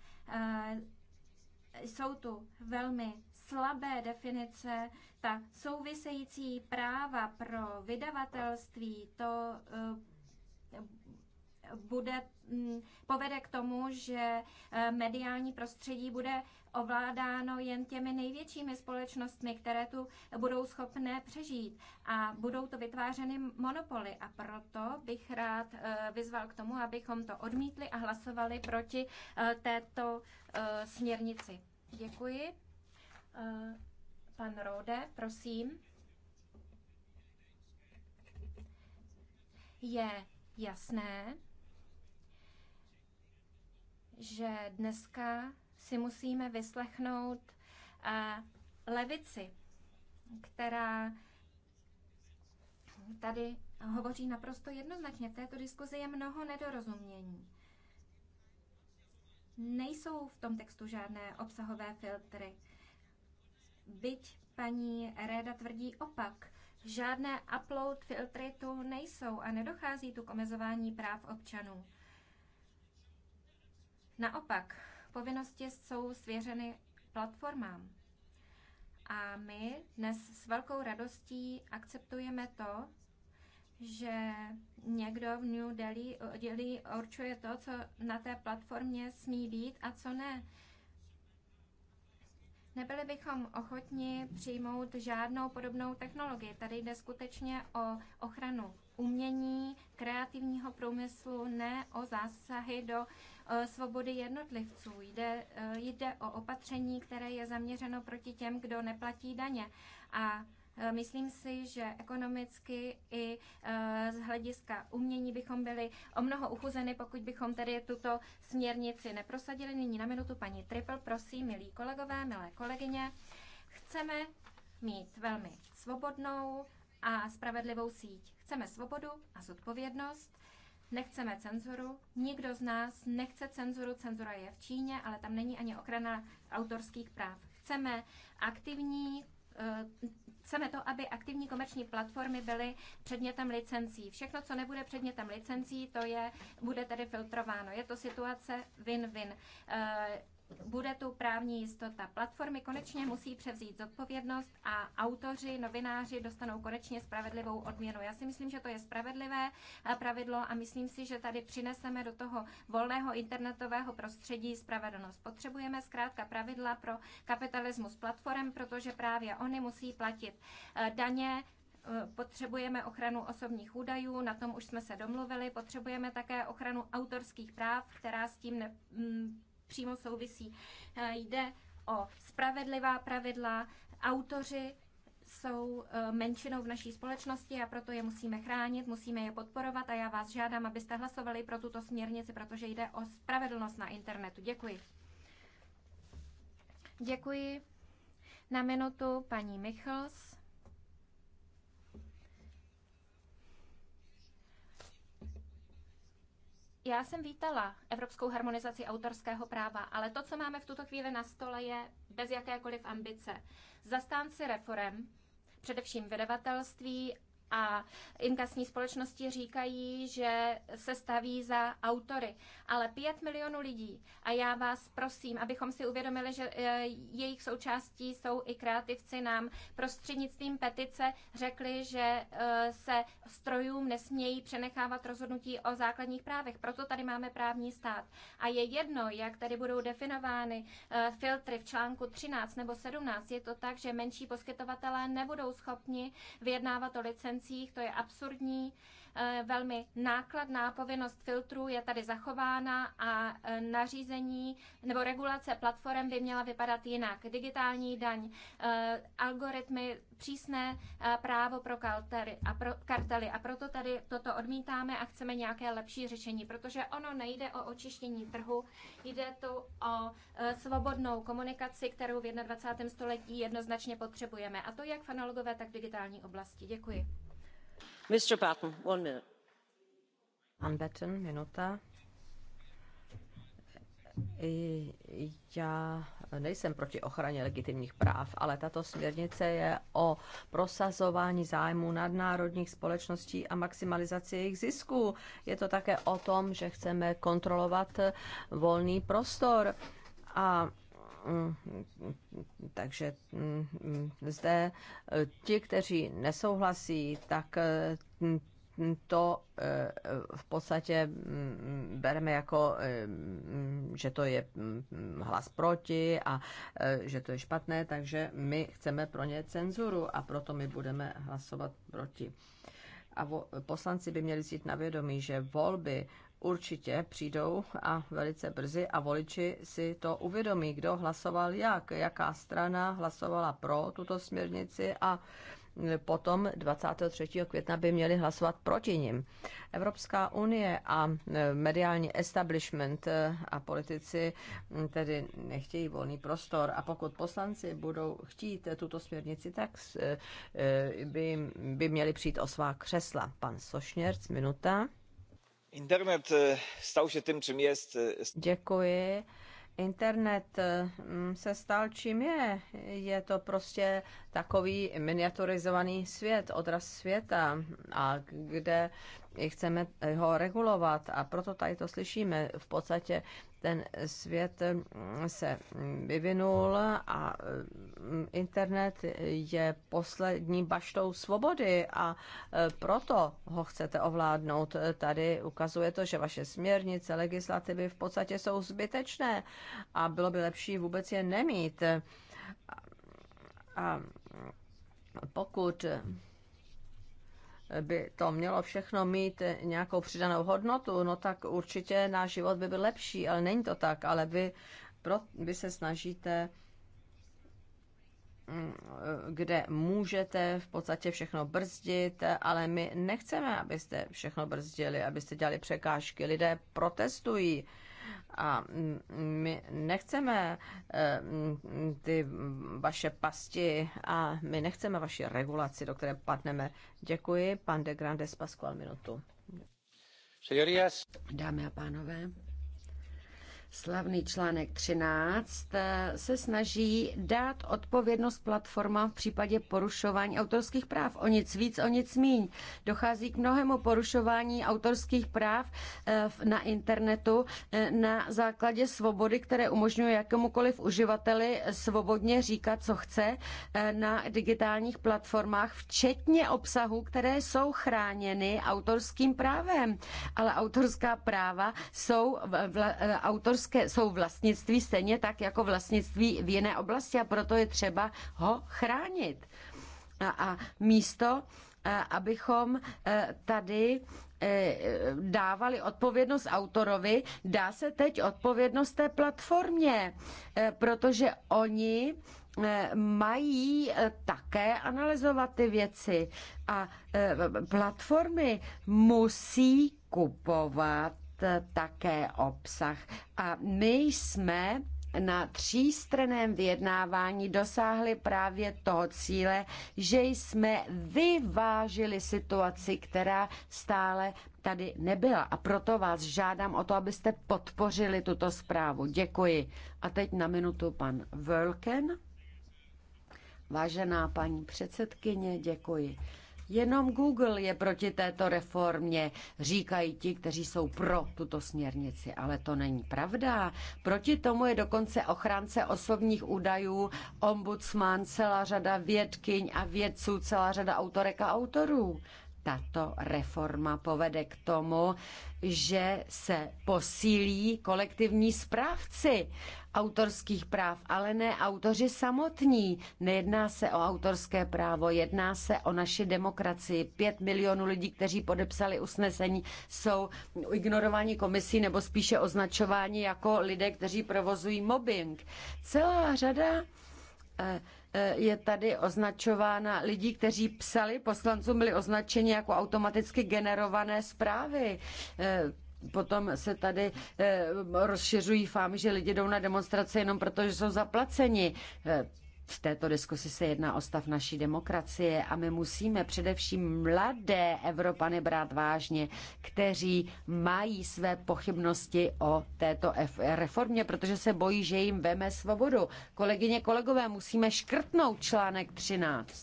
Jsou tu velmi slabé definice, ta související práva pro vydavatelství, to bude Mm, povede k tomu, že eh, mediální prostředí bude ovládáno jen těmi největšími společnostmi, které tu budou schopné přežít a budou to vytvářeny monopoly. A proto bych rád eh, vyzval k tomu, abychom to odmítli a hlasovali proti eh, této směrnici. Děkuji. Pan Rode, prosím. Je jasné, že dneska si musíme vyslechnout eh, levici, která tady hovoří naprosto jednoznačně. V této diskuzi je mnoho nedorozumění. Nejsou v tom textu žádné obsahové filtry. Byť paní Réda tvrdí opak, žádné upload filtry tu nejsou a nedochází tu k omezování práv občanů. Naopak, povinnosti jsou svěřeny platformám. A my dnes s velkou radostí akceptujeme to, že někdo v New Delhi, určuje to, co na té platformě smí být a co ne. Nebyli bychom ochotni přijmout žádnou podobnou technologii. Tady jde skutečně o ochranu umění, kreativního průmyslu, ne o zásahy do e, svobody jednotlivců. Jde, e, jde o opatření, které je zaměřeno proti těm, kdo neplatí daně. A Eh, myslím si, že ekonomicky i eh, z hlediska umění bychom byli o mnoho uchuzeny, pokud bychom tedy tuto směrnici neprosadili. Nyní na minutu paní Triple, prosím, milí kolegové, milé kolegyně. Chceme mít velmi svobodnou a spravedlivou síť. Chceme svobodu a zodpovědnost. Nechceme cenzuru, nikdo z nás nechce cenzuru, cenzura je v Číně, ale tam není ani ochrana autorských práv. Chceme aktivní eh, Chceme to, aby aktivní komerční platformy byly předmětem licencí. Všechno, co nebude předmětem licencí, to je, bude tedy filtrováno. Je to situace win-win. Eh, bude tu právní jistota. Platformy konečně musí převzít zodpovědnost a autoři, novináři dostanou konečně spravedlivou odměnu. Já si myslím, že to je spravedlivé eh, pravidlo a myslím si, že tady přineseme do toho volného internetového prostředí spravedlnost. Potřebujeme zkrátka pravidla pro kapitalismus platform, protože právě oni musí platit eh, daně, eh, potřebujeme ochranu osobních údajů, na tom už jsme se domluvili, potřebujeme také ochranu autorských práv, která s tím ne, mm, přímo souvisí. Eh, jde o spravedlivá pravidla. Autoři jsou eh, menšinou v naší společnosti a proto je musíme chránit, musíme je podporovat a já vás žádám, abyste hlasovali pro tuto směrnici, protože jde o spravedlnost na internetu. Děkuji. Děkuji. Na minutu paní Michals. Já jsem vítala evropskou harmonizaci autorského práva, ale to, co máme v tuto chvíli na stole, je bez jakékoliv ambice. Zastánci reform, především vydavatelství a inkasní společnosti říkají, že se staví za autory, ale pět milionů lidí. A já vás prosím, abychom si uvědomili, že e, jejich součástí jsou i kreativci nám prostřednictvím petice řekli, že e, se strojům nesmějí přenechávat rozhodnutí o základních právech. Proto tady máme právní stát. A je jedno, jak tady budou definovány e, filtry v článku 13 nebo 17. Je to tak, že menší poskytovatelé nebudou schopni vyjednávat o licenci licencích, to je absurdní, eh, velmi nákladná povinnost filtru je tady zachována a eh, nařízení nebo regulace platform by měla vypadat jinak. Digitální daň, eh, algoritmy, přísné právo pro kartely a, pro, kartely a proto tady toto odmítáme a chceme nějaké lepší řešení, protože ono nejde o očištění trhu, jde tu o svobodnou komunikaci, kterou v 21. století jednoznačně potřebujeme a to jak v analogové, tak v digitální oblasti. Děkuji. Já nejsem proti ochraně legitimních práv, ale tato směrnice je o prosazování zájmů nadnárodních společností a maximalizaci jejich zisků. Je to také o tom, že chceme kontrolovat volný prostor a takže mm, mm, zde eh, ti, kteří nesouhlasí, tak eh, to eh, v podstatě mm, bereme jako, že to je hlas proti a že to je špatné, takže my chceme pro ně cenzuru a proto my budeme hlasovat proti. A poslanci by měli cítit na vědomí, že volby určitě přijdou a velice brzy a voliči si to uvědomí, kdo hlasoval jak, jaká strana hlasovala pro tuto směrnici a potom 23. května by měli hlasovat proti nim. Evropská unie a e, mediální establishment e, a politici tedy nechtějí volný prostor a pokud poslanci budou chtít tuto směrnici, tak e, by, by měli přijít o svá křesla. Pan Sošněrc, minuta. Internet eh, stal se tím, čím je. Eh, Děkuji. Internet mm, se stal čím je. Je to prostě takový miniaturizovaný svět, odraz světa, a kde chceme ho regulovat. A proto tady to slyšíme. V podstatě ten svět eh, se mm, vyvinul a mm, internet je poslední baštou svobody a eh, proto ho chcete ovládnout. Tady ukazuje to, že vaše směrnice, legislativy v podstatě jsou zbytečné a bylo by lepší vůbec je nemít. A pokud by to mělo všechno mít nějakou přidanou hodnotu, no tak určitě náš život by byl lepší, ale není to tak, ale vy, pro, vy se snažíte mm, kde můžete v podstatě všechno brzdit, ale my nechceme, abyste všechno brzdili, abyste dělali překážky. Lidé protestují a my nechceme eh, ty vaše pasti a my nechceme vaši regulaci, do které padneme. Děkuji, pan de Grandes Pascual Minutu. Dámy a pánové, Slavný článek 13 eh, se snaží dát odpovědnost platformám v případě porušování autorských práv. O nic víc, o nic míň. Dochází k mnohému porušování autorských práv eh, na internetu eh, na základě svobody, které umožňuje jakémukoliv uživateli svobodně říkat, co chce na digitálních platformách, včetně obsahu, které jsou chráněny autorským právem. Ale autorská práva jsou autorské autorské, jsou vlastnictví stejně tak jako vlastnictví v jiné oblasti a proto je třeba ho chránit. A, a místo, abychom e, tady e, dávali odpovědnost autorovi, dá se teď odpovědnost té platformě, e, protože oni mají také analyzovat ty věci a platformy musí kupovat také obsah. A my jsme na třístraném vyjednávání dosáhli právě toho cíle, že jsme vyvážili situaci, která stále tady nebyla. A proto vás žádám o to, abyste podpořili tuto zprávu. Děkuji. A teď na minutu pan Völken. Vážená paní předsedkyně, děkuji. Jenom Google je proti této reformě, říkají ti, kteří jsou pro tuto směrnici, ale to není pravda. Proti tomu je dokonce ochránce osobních údajů, ombudsman, celá řada vědkyň a vědců, celá řada autorek a autorů tato reforma povede k tomu, že se posílí kolektivní správci autorských práv, ale ne autoři samotní. Nejedná se o autorské právo, jedná se o naši demokracii. Pět milionů lidí, kteří podepsali usnesení, jsou ignorováni komisí nebo spíše označováni jako lidé, kteří provozují mobbing. Celá řada eh, eh, je tady označována lidí, kteří psali, poslancům byli označeni jako automaticky generované zprávy. Eh, potom se tady eh, rozšiřují fámy, že lidi jdou na demonstrace jenom proto, že jsou zaplaceni. Eh, v této diskusi se jedná o stav naší demokracie a my musíme především mladé Evropany brát vážně, kteří mají své pochybnosti o této reformě, protože se bojí, že jim veme svobodu. Kolegyně, kolegové, musíme škrtnout článek 13.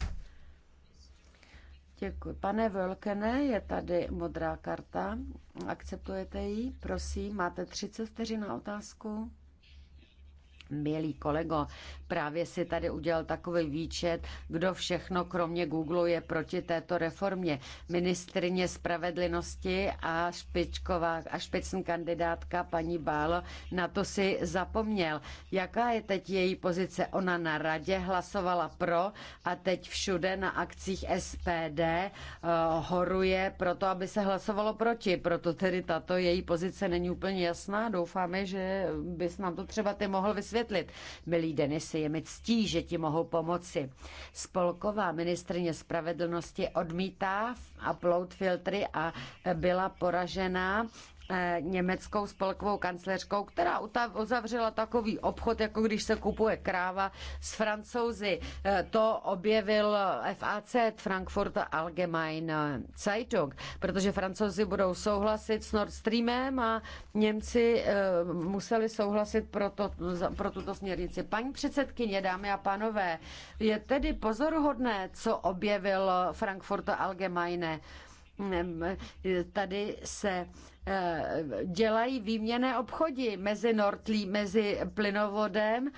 Děkuji. Pane Völkene, je tady modrá karta. Akceptujete ji? Prosím, máte 30 vteřin na otázku. Milý kolego, právě si tady udělal takový výčet, kdo všechno kromě Google je proti této reformě. Ministrině spravedlnosti a špičková a špicn kandidátka paní Bálo na to si zapomněl. Jaká je teď její pozice? Ona na radě hlasovala pro a teď všude na akcích SPD uh, eh, horuje proto, aby se hlasovalo proti. Proto tedy tato její pozice není úplně jasná. Doufáme, že bys nám to třeba ty mohl vysvětlit. Milý Denisi, je mi ctí, že ti mohou pomoci. Spolková ministrně spravedlnosti odmítá upload filtry a byla poražená Eh, německou spolkovou kancléřkou, která uzavřela takový obchod, jako když se kupuje kráva s francouzi. Eh, to objevil FAC Frankfurt Allgemeine Zeitung, protože francouzi budou souhlasit s Nord Streamem a Němci eh, museli souhlasit pro, to, pro tuto směrnici. Paní předsedkyně, dámy a pánové, je tedy pozoruhodné, co objevil Frankfurt Allgemeine. E, tady se e, dělají výměné obchody mezi Nordlí, mezi plynovodem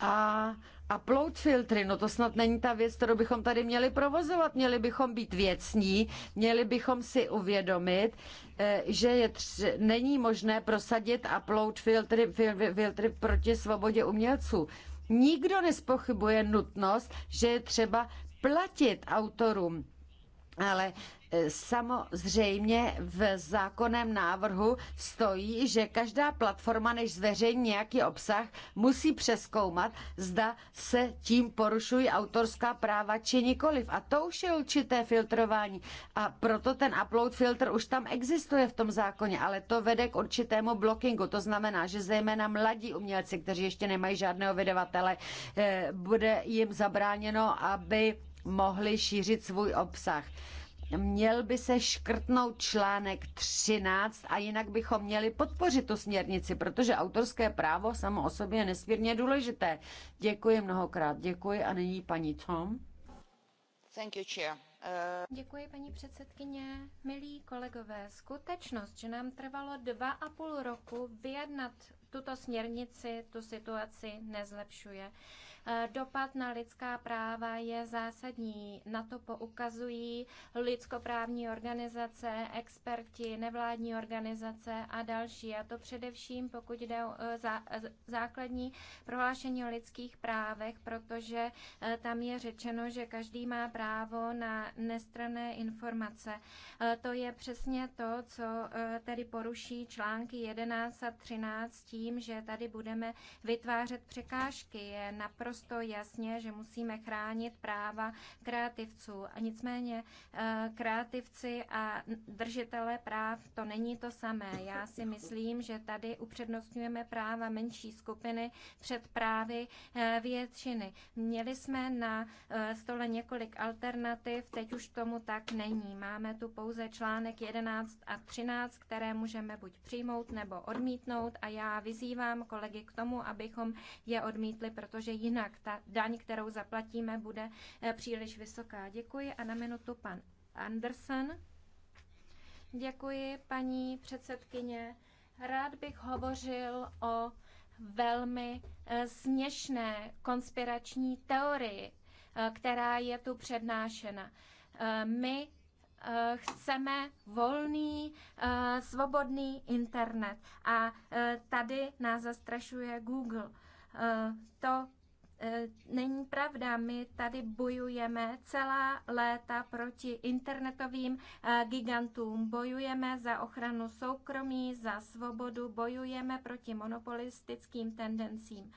a a plout filtry, no to snad není ta věc, kterou bychom tady měli provozovat. Měli bychom být věcní, měli bychom si uvědomit, e, že je tři, není možné prosadit a plout filtry, filtry proti svobodě umělců. Nikdo nespochybuje nutnost, že je třeba platit autorům ale e, Samozřejmě v zákonném návrhu stojí, že každá platforma, než zveřejní nějaký obsah, musí přeskoumat, zda se tím porušují autorská práva či nikoliv. A to už je určité filtrování. A proto ten upload filter už tam existuje v tom zákoně, ale to vede k určitému blockingu. To znamená, že zejména mladí umělci, kteří ještě nemají žádného vydavatele, e, bude jim zabráněno, aby Mohli šířit svůj obsah. Měl by se škrtnout článek 13 a jinak bychom měli podpořit tu směrnici, protože autorské právo samo o sobě je nesmírně důležité. Děkuji mnohokrát. Děkuji a nyní paní Tom. Thank you, chair. Uh, Děkuji, paní předsedkyně. Milí kolegové, skutečnost, že nám trvalo dva a půl roku vyjednat tuto směrnici, tu situaci nezlepšuje. Eh, dopad na lidská práva je zásadní. Na to poukazují lidskoprávní organizace, experti, nevládní organizace a další. A to především, pokud jde o eh, eh, základní prohlášení o lidských právech, protože tam je řečeno, že každý má právo na nestrané informace. To je přesně to, co tedy poruší články 11 a 13 tím, že tady budeme vytvářet překážky. Je naprosto naprosto jasně, že musíme chránit práva kreativců. A nicméně eh, kreativci a držitele práv to není to samé. Já si myslím, že tady upřednostňujeme práva menší skupiny před právy eh, většiny. Měli jsme na eh, stole několik alternativ, teď už tomu tak není. Máme tu pouze článek 11 a 13, které můžeme buď přijmout nebo odmítnout a já vyzývám kolegy k tomu, abychom je odmítli, protože jinak jinak ta daň, kterou zaplatíme, bude eh, příliš vysoká. Děkuji a na minutu pan Andersen. Děkuji, paní předsedkyně. Rád bych hovořil o velmi eh, směšné konspirační teorii, eh, která je tu přednášena. My chceme volný, svobodný internet a tady nás zastrašuje Google. To E, není pravda. My tady bojujeme celá léta proti internetovým e, gigantům. Bojujeme za ochranu soukromí, za svobodu, bojujeme proti monopolistickým tendencím.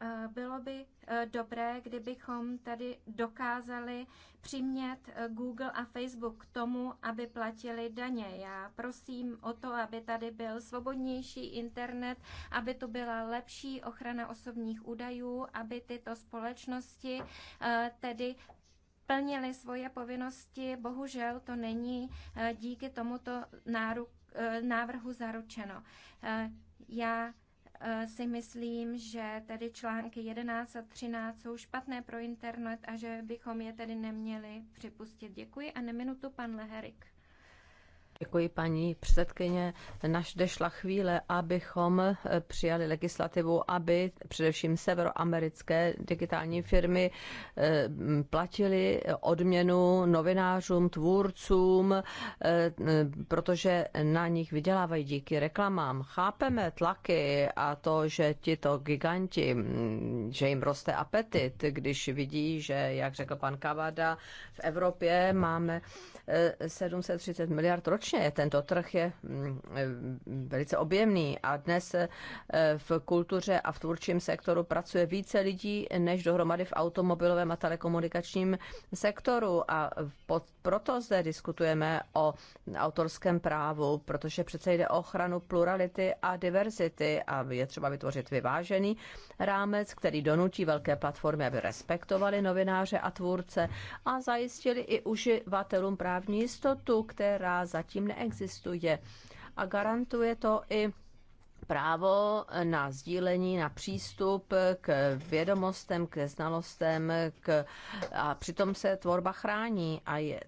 Eh, bylo by eh, dobré, kdybychom tady dokázali přimět eh, Google a Facebook k tomu, aby platili daně. Já prosím o to, aby tady byl svobodnější internet, aby tu byla lepší ochrana osobních údajů, aby tyto společnosti tedy plnili svoje povinnosti. Bohužel to není díky tomuto návrhu zaručeno. Já Eh, si myslím, že tedy články 11 a 13 jsou špatné pro internet a že bychom je tedy neměli připustit. Děkuji a neminutu pan Leherik. Děkuji, paní předsedkyně. Naš dešla chvíle, abychom eh, přijali legislativu, aby především severoamerické digitální firmy eh, platili odměnu novinářům, tvůrcům, eh, protože na nich vydělávají díky reklamám. Chápeme tlaky a to, že tito giganti, mm, že jim roste apetit, když vidí, že, jak řekl pan Kavada, v Evropě máme 730 miliard ročně. Tento trh je mm, e, velice objemný a dnes e, v kultuře a v tvůrčím sektoru pracuje více lidí než dohromady v automobilovém a telekomunikačním sektoru a proto zde diskutujeme o autorském právu, protože přece jde o ochranu plurality a diverzity a je třeba vytvořit vyvážený rámec, který donutí velké platformy, aby respektovali novináře a tvůrce a zajistili i uživatelům právě právní jistotu, která zatím neexistuje. A garantuje to i právo na sdílení, na přístup k vědomostem, k znalostem k, a přitom se tvorba chrání a je,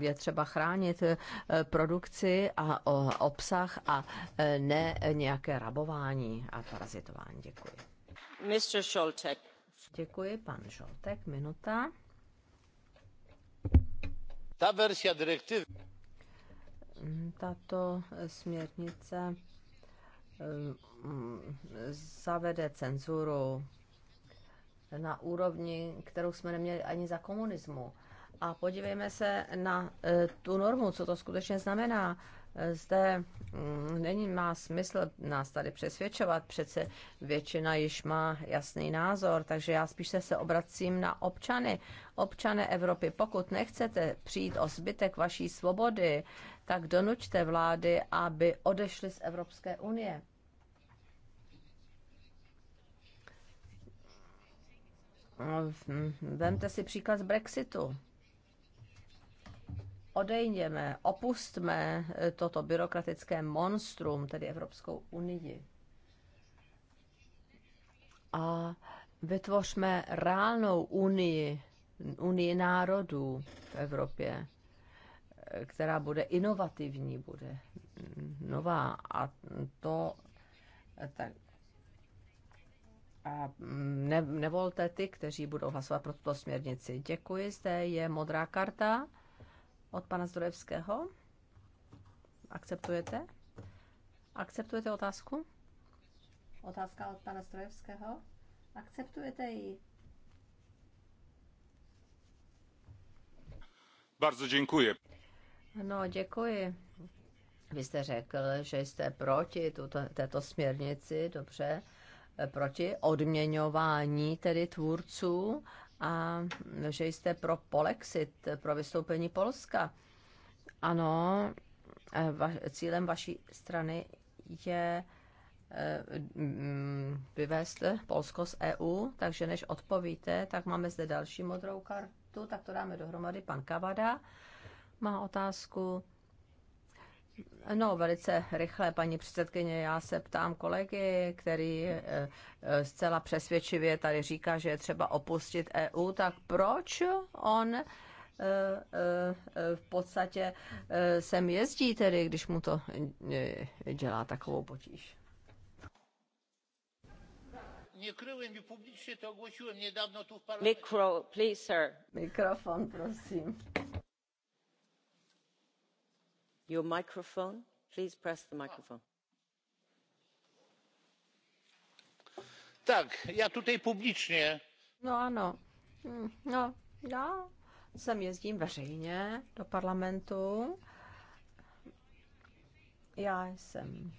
je třeba chránit eh, produkci a obsah a eh, ne nějaké rabování a parazitování. Děkuji. Mr. Šoltek. Děkuji, pan Šoltek, minuta. Ta verzia direktivy. Tato směrnice eh, zavede cenzuru na úrovni, kterou jsme neměli ani za komunismu. A podívejme se na eh, tu normu, co to skutečně znamená zde mm, není má smysl nás tady přesvědčovat, přece většina již má jasný názor, takže já spíše se obracím na občany. občany Evropy, pokud nechcete přijít o zbytek vaší svobody, tak donučte vlády, aby odešly z Evropské unie. Vemte si příklad z Brexitu odejděme, opustme eh, toto byrokratické monstrum, tedy Evropskou unii. A vytvořme reálnou unii, unii národů v Evropě, eh, která bude inovativní, bude nová a to eh, tak a mm, ne, nevolte ty, kteří budou hlasovat pro tuto směrnici. Děkuji, zde je modrá karta od pana Zdrojevského. Akceptujete? Akceptujete otázku? Otázka od pana Zdrojevského. Akceptujete ji? Bardzo děkuji. No, děkuji. Vy jste řekl, že jste proti tuto, této směrnici, dobře, proti odměňování tedy tvůrců a že jste pro polexit, pro vystoupení Polska. Ano, eh, va- cílem vaší strany je eh, mm, vyvést Polsko z EU, takže než odpovíte, tak máme zde další modrou kartu, tak to dáme dohromady. Pan Kavada má otázku. No, velice rychle, paní předsedkyně, já se ptám kolegy, který eh, eh, zcela přesvědčivě tady říká, že je třeba opustit EU, tak proč on eh, v podstatě sem jezdí tedy, když mu to dělá takovou potíž? Mikro, please, sir. Mikrofon, prosím tak já tutaj publicznie. No ano. Mm, no, já sem jezdím veřejně do parlamentu. Já jsem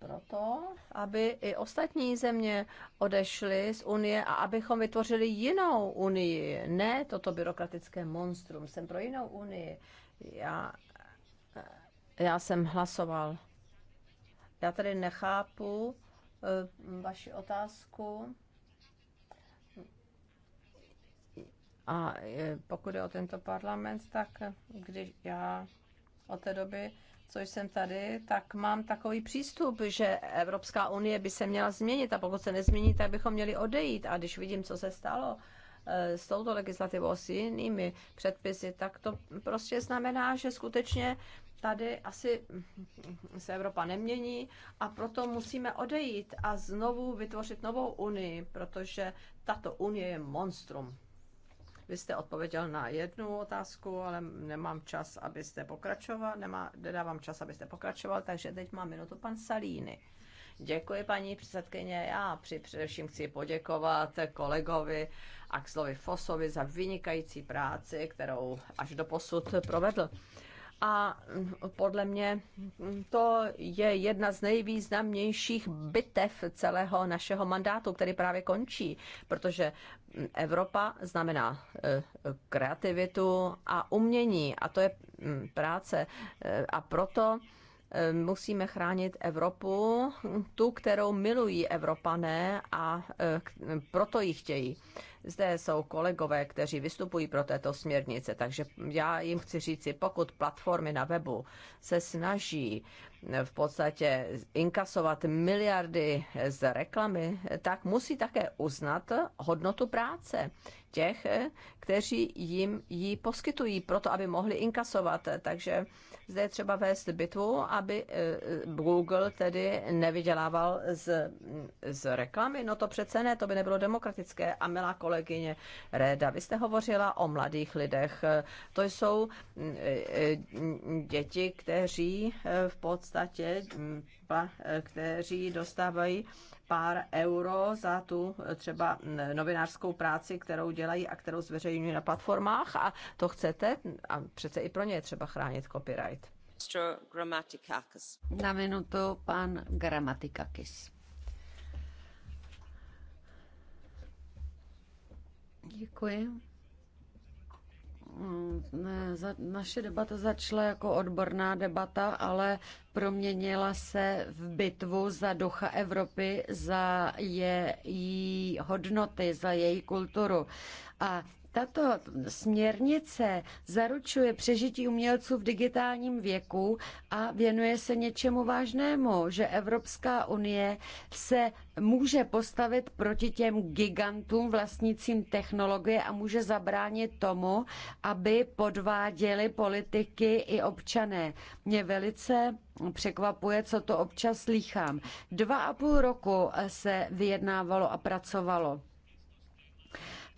proto, aby i ostatní země odešly z Unie a abychom vytvořili jinou Unii, ne toto byrokratické monstrum. Jsem pro jinou Unii. Já, já jsem hlasoval. Já tady nechápu eh, vaši otázku. A eh, pokud je o tento parlament, tak eh, když já od té doby co jsem tady, tak mám takový přístup, že Evropská unie by se měla změnit a pokud se nezmění, tak bychom měli odejít. A když vidím, co se stalo eh, s touto legislativou, s jinými předpisy, tak to prostě znamená, že skutečně tady asi se Evropa nemění a proto musíme odejít a znovu vytvořit novou unii, protože tato unie je monstrum. Vy jste odpověděl na jednu otázku, ale nemám čas, abyste pokračoval, nemá, nedávám čas, abyste pokračoval, takže teď má minutu pan Salíny. Děkuji, paní předsedkyně. Já při především chci poděkovat kolegovi Axlovi Fosovi za vynikající práci, kterou až do posud provedl. A podle mě to je jedna z nejvýznamnějších bitev celého našeho mandátu, který právě končí, protože Evropa znamená eh, kreativitu a umění a to je mm, práce. Eh, a proto Ehm, musíme chránit Evropu, tu, kterou milují Evropané a eh, proto ji chtějí. Zde jsou kolegové, kteří vystupují pro této směrnice, takže já jim chci říci, pokud platformy na webu se snaží eh, v podstatě inkasovat miliardy z reklamy, eh, tak musí také uznat hodnotu práce těch, eh, kteří jim ji poskytují, proto aby mohli inkasovat. Takže zde je třeba vést bitvu, aby eh, Google tedy nevydělával z, z reklamy. No to přece ne, to by nebylo demokratické. A milá kolegyně Reda, vy jste hovořila o mladých lidech. To jsou mm, eh, děti, kteří v podstatě mm, Eh, kteří dostávají pár euro za tu eh, třeba eh, novinářskou práci, kterou dělají a kterou zveřejňují na platformách a to chcete a přece i pro ně je třeba chránit copyright. Na minutu pan Gramatikakis. Děkuji. Mm, naše debata začala jako odborná debata, ale proměnila se v bitvu za ducha Evropy, za její hodnoty, za její kulturu. A tato směrnice zaručuje přežití umělců v digitálním věku a věnuje se něčemu vážnému, že Evropská unie se může postavit proti těm gigantům vlastnícím technologie a může zabránit tomu, aby podváděli politiky i občané. Mě velice překvapuje, co to občas slýchám. Dva a půl roku se vyjednávalo a pracovalo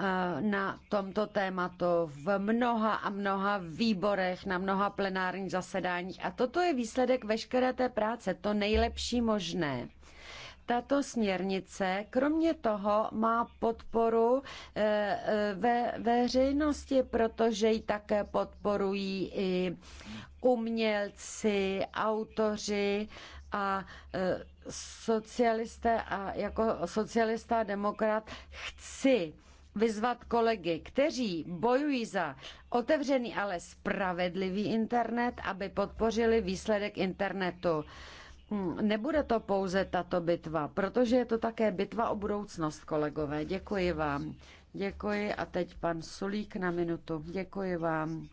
Eh, na tomto tématu v mnoha a mnoha výborech, na mnoha plenárních zasedáních. A toto je výsledek veškeré té práce, to nejlepší možné. Tato směrnice kromě toho má podporu eh, eh, ve veřejnosti, protože ji také podporují i umělci, autoři a socialisté a jako socialista a demokrat chci vyzvat kolegy, kteří bojují za otevřený, ale spravedlivý internet, aby podpořili výsledek internetu. Hm, nebude to pouze tato bitva, protože je to také bitva o budoucnost, kolegové. Děkuji vám. Děkuji a teď pan Sulík na minutu. Děkuji vám.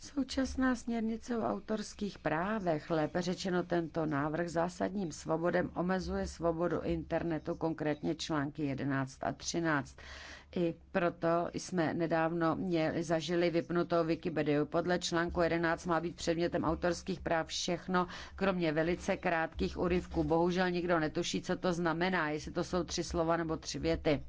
Současná směrnice o autorských právech, lépe řečeno tento návrh zásadním svobodem, omezuje svobodu internetu, konkrétně články 11 a 13. I proto jsme nedávno měli, zažili vypnutou Wikipedii. Podle článku 11 má být předmětem autorských práv všechno, kromě velice krátkých úryvků. Bohužel nikdo netuší, co to znamená, jestli to jsou tři slova nebo tři věty.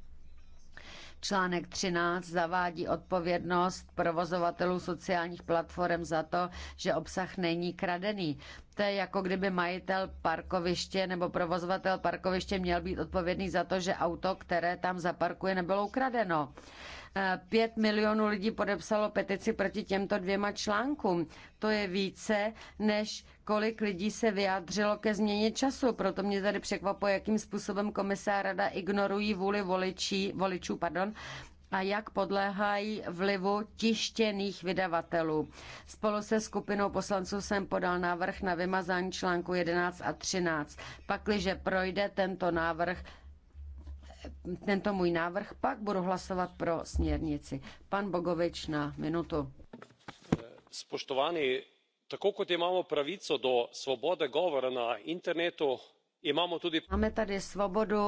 Článek 13 zavádí odpovědnost provozovatelů sociálních platform za to, že obsah není kradený. To je jako kdyby majitel parkoviště nebo provozovatel parkoviště měl být odpovědný za to, že auto, které tam zaparkuje, nebylo ukradeno. Pět milionů lidí podepsalo petici proti těmto dvěma článkům. To je více, než kolik lidí se vyjádřilo ke změně času. Proto mě tady překvapuje, jakým způsobem komise a rada ignorují vůli voličí, voličů pardon, a jak podléhají vlivu tištěných vydavatelů. Spolu se skupinou poslanců jsem podal návrh na vymazání článku 11 a 13. Pakliže projde tento návrh, tento můj návrh, pak budu hlasovat pro směrnici. Pan Bogovič na minutu. Spoštovani, tako kot imamo pravico do svobode govora na internetu, imamo tudi... Máme tady svobodu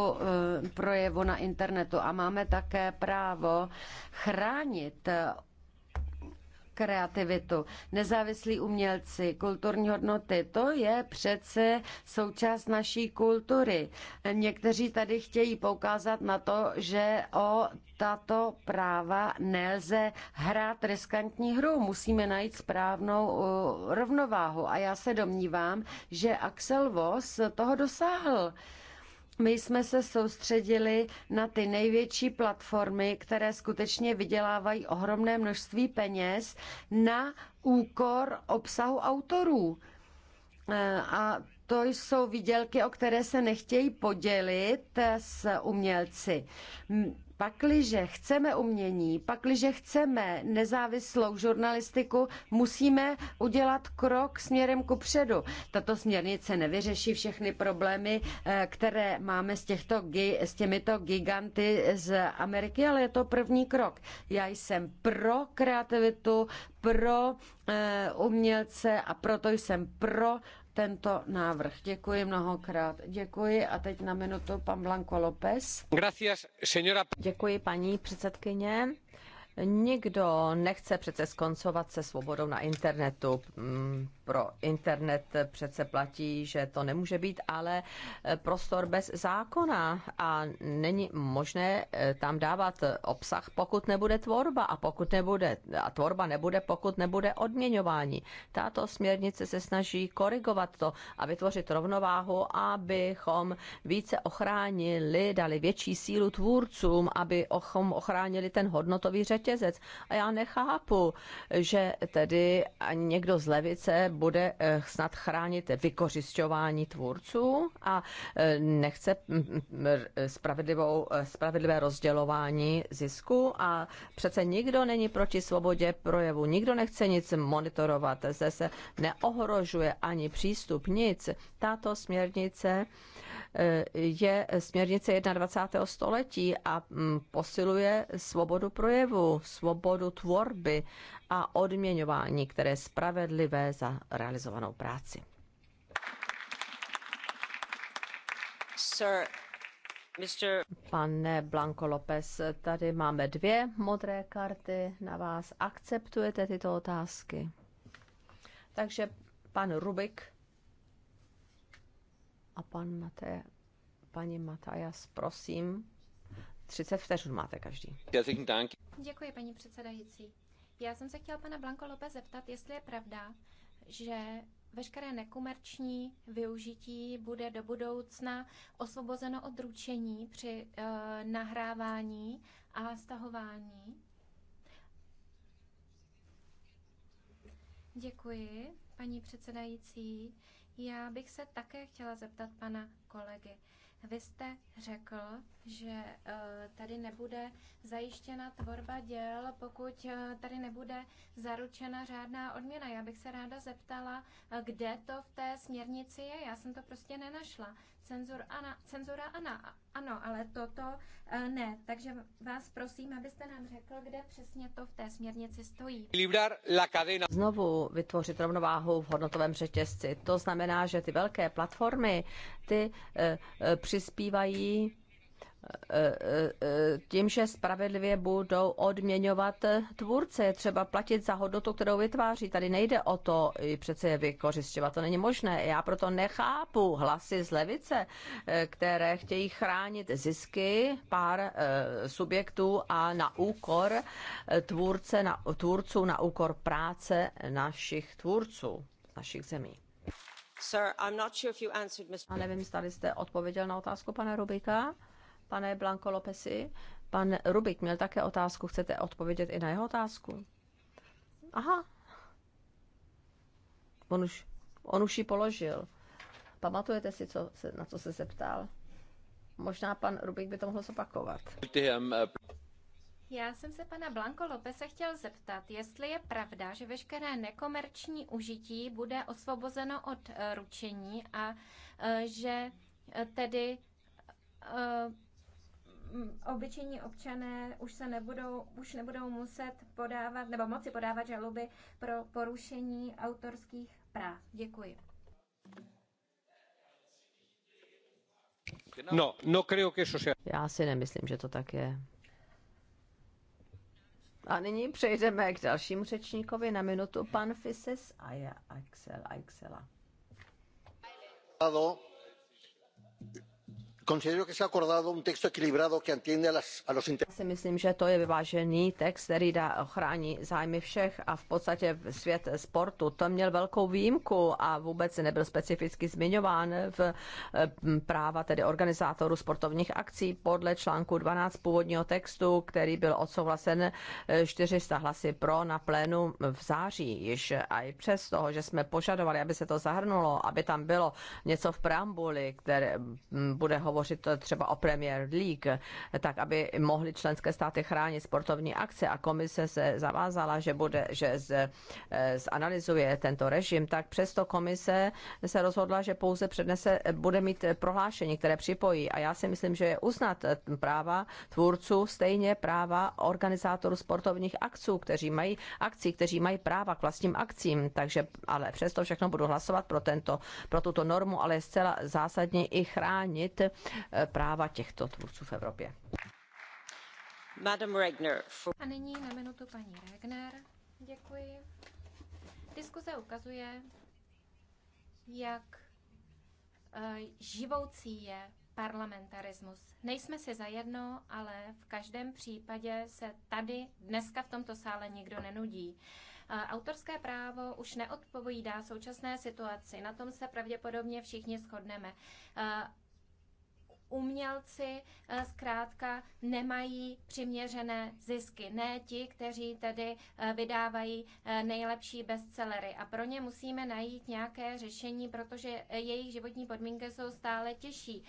eh, projevu na internetu a máme také právo chránit eh, kreativitu. Nezávislí umělci, kulturní hodnoty, to je přece součást naší kultury. Někteří tady chtějí poukázat na to, že o tato práva nelze hrát riskantní hru. Musíme najít správnou uh, rovnováhu. A já se domnívám, že Axel Voss toho dosáhl my jsme se soustředili na ty největší platformy, které skutečně vydělávají ohromné množství peněz na úkor obsahu autorů. A to jsou výdělky, o které se nechtějí podělit s umělci. Pakliže chceme umění, pakliže chceme nezávislou žurnalistiku, musíme udělat krok směrem ku předu. Tato směrnice nevyřeší všechny problémy, eh, které máme s, těchto, s těmito giganty z Ameriky, ale je to první krok. Já jsem pro kreativitu, pro eh, umělce a proto jsem pro tento návrh. Děkuji mnohokrát. Děkuji a teď na minutu pan Blanco López. Gracias, señora... Děkuji paní předsedkyně. Nikdo nechce přece skoncovat se svobodou na internetu mm, pro internet přece platí, že to nemůže být ale eh, prostor bez zákona a není možné eh, tam dávat obsah, pokud nebude tvorba a pokud nebude, a tvorba nebude, pokud nebude odměňování. Tato směrnice se snaží korigovat to a vytvořit rovnováhu, abychom více ochránili, dali větší sílu tvůrcům, abychom ochránili ten hodnotový řetězec. A já nechápu, že tedy někdo z levice bude eh, snad chránit vykořišťování tvůrců a eh, nechce mm, mm, mm, spravedlivou, eh, spravedlivé rozdělování zisku a přece nikdo není proti svobodě projevu, nikdo nechce nic monitorovat, zde se neohrožuje ani přístup, nic. Tato směrnice je směrnice 21. století a posiluje svobodu projevu, svobodu tvorby a odměňování, které je spravedlivé za realizovanou práci. Sir, Mr. Pane Blanco López, tady máme dvě modré karty na vás. Akceptujete tyto otázky? Takže pan Rubik a pan Mate, paní Matajas, prosím. 30 vteřin máte každý. Děkuji, paní předsedající. Já jsem se chtěla pana Blanko Lope zeptat, jestli je pravda, že veškeré nekomerční využití bude do budoucna osvobozeno od ručení při uh, nahrávání a stahování. Děkuji, paní předsedající. Já bych se také chtěla zeptat pana kolegy. Vy jste řekl, že eh, tady nebude zajištěna tvorba děl, pokud eh, tady nebude zaručena řádná odměna. Já bych se ráda zeptala, eh, kde to v té směrnici je. Já jsem to prostě nenašla. Cenzor, ana, cenzura ana, ano, ale toto eh, ne. Takže vás prosím, abyste nám řekl, kde přesně to v té směrnici stojí. Znovu vytvořit rovnováhu v hodnotovém řetězci. To znamená, že ty velké platformy ty eh, eh, přispívají tím, že spravedlivě budou odměňovat tvůrce. třeba platit za hodnotu, kterou vytváří. Tady nejde o to přece je vykořišťovat. To není možné. Já proto nechápu hlasy z levice, které chtějí chránit zisky pár eh, subjektů a na úkor tvůrce, na, tvůrců, na úkor práce našich tvůrců, našich zemí. Sir, I'm not sure if you answered, Mr. A nevím, zda jste odpověděl na otázku pana Rubika pane Blanco Lopesi. Pan Rubik měl také otázku. Chcete odpovědět i na jeho otázku? Aha. On už, on už ji položil. Pamatujete si, co se, na co se zeptal? Možná pan Rubik by to mohl zopakovat. Já jsem se pana Blanco Lopese chtěl zeptat, jestli je pravda, že veškeré nekomerční užití bude osvobozeno od eh, ručení a eh, že eh, tedy Mm, obyčejní občané už se nebudou, už nebudou muset podávat nebo moci podávat žaloby pro porušení autorských práv. Děkuji. No, no creo que eso sea. Já si nemyslím, že to tak je. A nyní přejdeme k dalšímu řečníkovi na minutu, pan Fises a já Axel Axela. Já si myslím, že to je vyvážený text, který dá ochrání zájmy všech a v podstatě svět sportu. To měl velkou výjimku a vůbec nebyl specificky zmiňován v eh, práva tedy organizátorů sportovních akcí podle článku 12 původního textu, který byl odsouhlasen 400 eh, hlasy pro na plénu v září již. A i přes toho, že jsme požadovali, aby se to zahrnulo, aby tam bylo něco v preambuli, které bude hovořit hovořit třeba o Premier League, tak aby mohly členské státy chránit sportovní akce a komise se zavázala, že bude, že z, eh, zanalizuje tento režim, tak přesto komise se rozhodla, že pouze přednese, bude mít prohlášení, které připojí. A já si myslím, že je uznat práva tvůrců, stejně práva organizátorů sportovních akců, kteří mají akcí, kteří mají práva k vlastním akcím. Takže, ale přesto všechno budu hlasovat pro, tento, pro tuto normu, ale je zcela zásadně i chránit Eh, práva těchto tvůrců v Evropě. Madam Regner. For... A nyní na minutu paní Regner. Děkuji. Diskuze ukazuje, jak eh, živoucí je parlamentarismus. Nejsme si zajedno, ale v každém případě se tady dneska v tomto sále nikdo nenudí. Eh, autorské právo už neodpovídá současné situaci, na tom se pravděpodobně všichni shodneme umělci eh, zkrátka nemají přiměřené zisky. Ne ti, kteří tedy eh, vydávají eh, nejlepší bestsellery. A pro ně musíme najít nějaké řešení, protože jejich životní podmínky jsou stále těžší.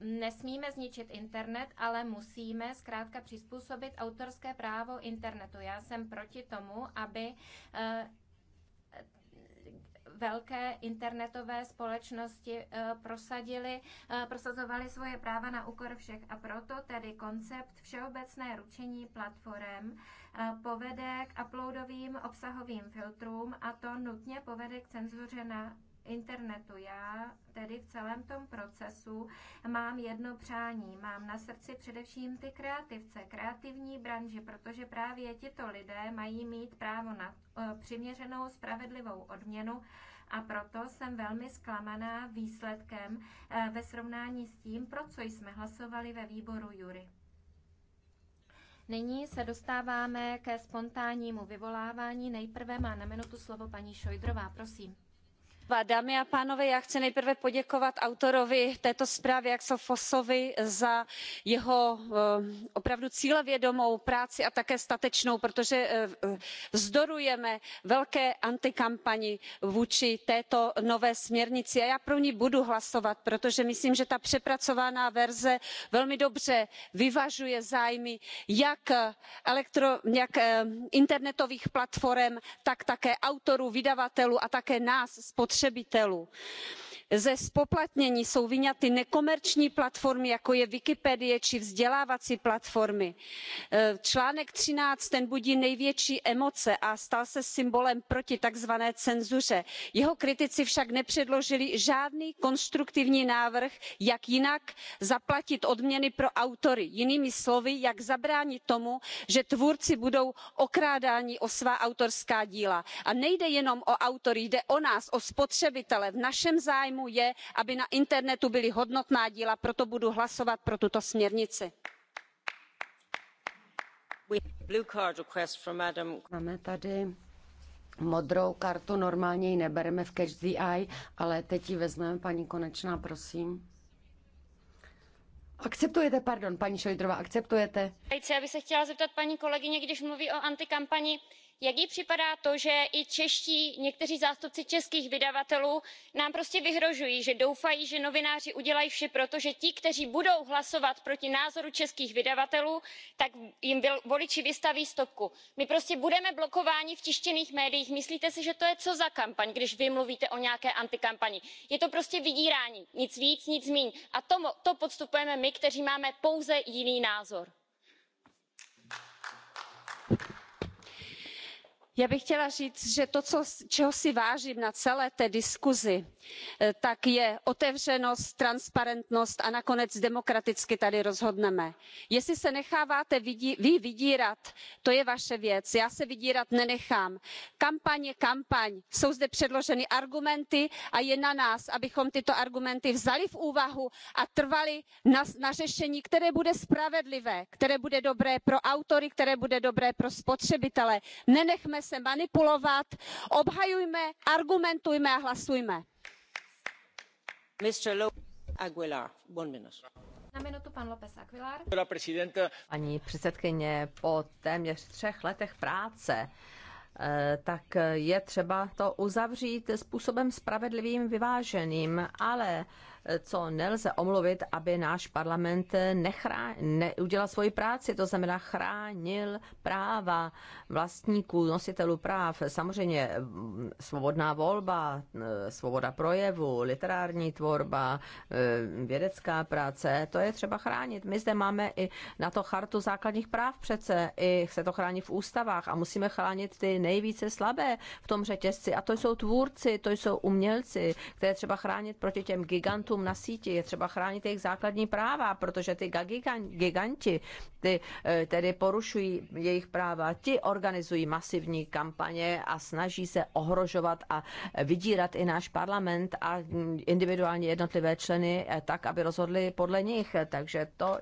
Nesmíme zničit internet, ale musíme zkrátka přizpůsobit autorské právo internetu. Já jsem proti tomu, aby velké internetové společnosti eh, prosadili, eh, prosazovali svoje práva na úkor všech a proto tedy koncept všeobecné ručení platform eh, povede k uploadovým obsahovým filtrům a to nutně povede k cenzuře na internetu. Já tedy v celém tom procesu mám jedno přání. Mám na srdci především ty kreativce, kreativní branži, protože právě tito lidé mají mít právo na eh, přiměřenou spravedlivou odměnu a proto jsem velmi zklamaná výsledkem eh, ve srovnání s tím, pro co jsme hlasovali ve výboru Jury. Nyní se dostáváme ke spontánnímu vyvolávání. Nejprve má na minutu slovo paní Šojdrová, prosím dámy a pánové já chci nejprve poděkovat autorovi této zprávy axelovi vossovi za jeho eh, opravdu cílevědomou práci a také statečnou protože eh, vzdorujeme velké antikampani vůči této nové směrnici a já pro ni budu hlasovat protože myslím že ta přepracovaná verze velmi dobře vyvažuje zájmy jak eh, internetových platforem tak také autorů vydavatelů a také nás spotřebitelů spotřebitelů ze zpoplatnění jsou vyňaty nekomerční platformy jako je wikipedie či vzdělávací platformy. E, článek thirteen budí největší emoce a stal se symbolem proti takzvané cenzuře. jeho kritici však nepředložili žádný konstruktivní návrh jak jinak zaplatit odměny pro autory jinými slovy jak zabránit tomu že tvůrci budou okrádáni o svá autorská díla. a nejde jenom o autory jde o nás o spotřebitele. v našem zájmu zájmu je aby na internetu byla hodnotná díla proto budu hlasovat pro tuto směrnici. máme tady modrou kartu normálně ji nebereme v catch the eye ale teď ji vezmeme paní konečná prosím. Akceptujete, pardon, paní Šojdrová, akceptujete? Já bych se chtěla zeptat paní kolegyně, když mluví o antikampani, jak jí připadá to že i čeští někteří zástupci českých vydavatelů nám prostě vyhrožují že doufají že novináři udělají vše pro to že ti kteří budou hlasovat proti názoru českých vydavatelů tak jim voliči vystaví stopku. my prostě budeme blokováni v tištěných médiích. myslíte si že to je co za kampaň když vy mluvíte o nějaké antikampani? je to prostě vydírání nic víc nic míň a to podstupujeme my kteří máme pouze jiný názor já bych chtěla říct že to čeho si vážím na celé té diskusi eh, je otevřenost transparentnost a nakonec demokraticky tady rozhodneme. jestli se necháváte vy vydírat to je vaše věc já se vydírat nenechám. kampaň je kampaň jsou zde předloženy argumenty a je na nás abychom tyto argumenty vzali v úvahu a trvali na řešení které bude spravedlivé které bude dobré pro autory které bude dobré pro spotřebitele. nenechme se manipulovat obhajujme argumentujme a hlasujme. Minutu, paní předsedající po téměř třech letech práce eh, tak je třeba to uzavřít způsobem spravedlivým, vyváženým, ale co nelze omluvit, aby náš parlament nechrá, neudělal svoji práci, to znamená chránil práva vlastníků, nositelů práv. Samozřejmě mm, svobodná volba, mm, svoboda projevu, literární tvorba, mm, vědecká práce, to je třeba chránit. My zde máme i na to chartu základních práv přece, i se to chrání v ústavách a musíme chránit ty nejvíce slabé v tom řetězci. A to jsou tvůrci, to jsou umělci, které třeba chránit proti těm gigantům uživatelům na síti. Je třeba chránit jejich základní práva, protože ty giganti ty, eh, tedy porušují jejich práva. Ti organizují masivní kampaně a snaží se ohrožovat a vydírat i náš parlament a individuálně jednotlivé členy eh, tak, aby rozhodli podle nich. Takže to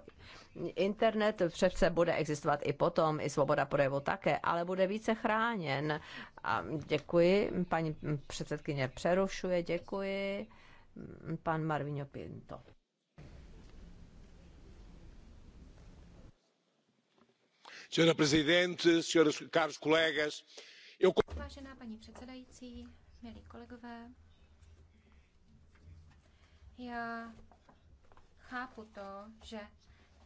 internet přece bude existovat i potom, i svoboda projevu také, ale bude více chráněn. A děkuji, paní předsedkyně přerušuje, děkuji pan Marvino Pinto. Senhora Presidente, senhoras, caros colegas, eu... Vážená paní předsedající, milí kolegové, já chápu to, že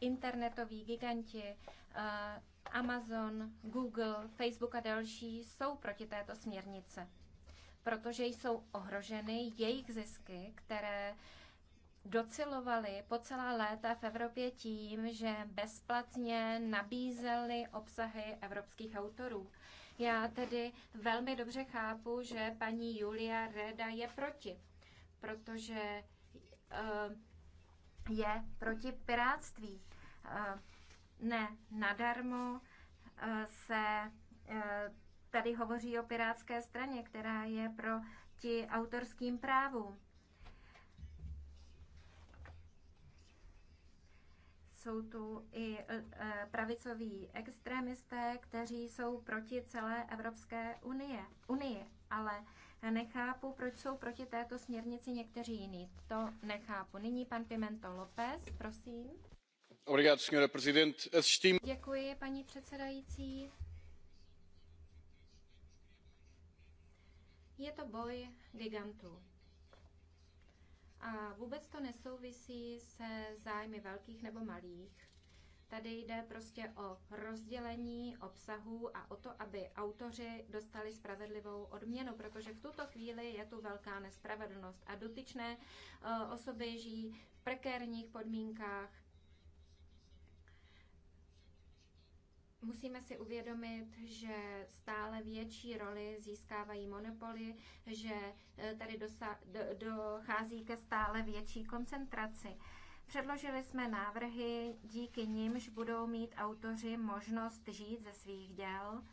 internetoví giganti eh, Amazon, Google, Facebook a další jsou proti této směrnice protože jsou ohroženy jejich zisky, které docilovali po celá léta v Evropě tím, že bezplatně nabízeli obsahy evropských autorů. Já tedy velmi dobře chápu, že paní Julia Reda je proti, protože uh, je proti piráctví. Uh, eh, ne, nadarmo uh, se tady hovoří o pirátské straně, která je pro ti autorským právům. jsou tu i e, pravicoví extremisté, kteří jsou proti celé Evropské unie, Unie, ale nechápu, proč jsou proti této směrnici někteří jiní. To nechápu. Nyní pan Pimento López, prosím. Obrigado, senhora presidente. Assistimos... Děkuji, paní předsedající. Je to boj gigantů. A vůbec to nesouvisí se zájmy velkých nebo malých. Tady jde prostě o rozdělení obsahů a o to, aby autoři dostali spravedlivou odměnu, protože v tuto chvíli je tu velká nespravedlnost a dotyčné eh, osoby žijí v prekérních podmínkách, Musíme si uvědomit, že stále větší roli získávají monopoly, že eh, tady dosa, do, dochází ke stále větší koncentraci. Předložili jsme návrhy, díky nimž budou mít autoři možnost žít ze svých děl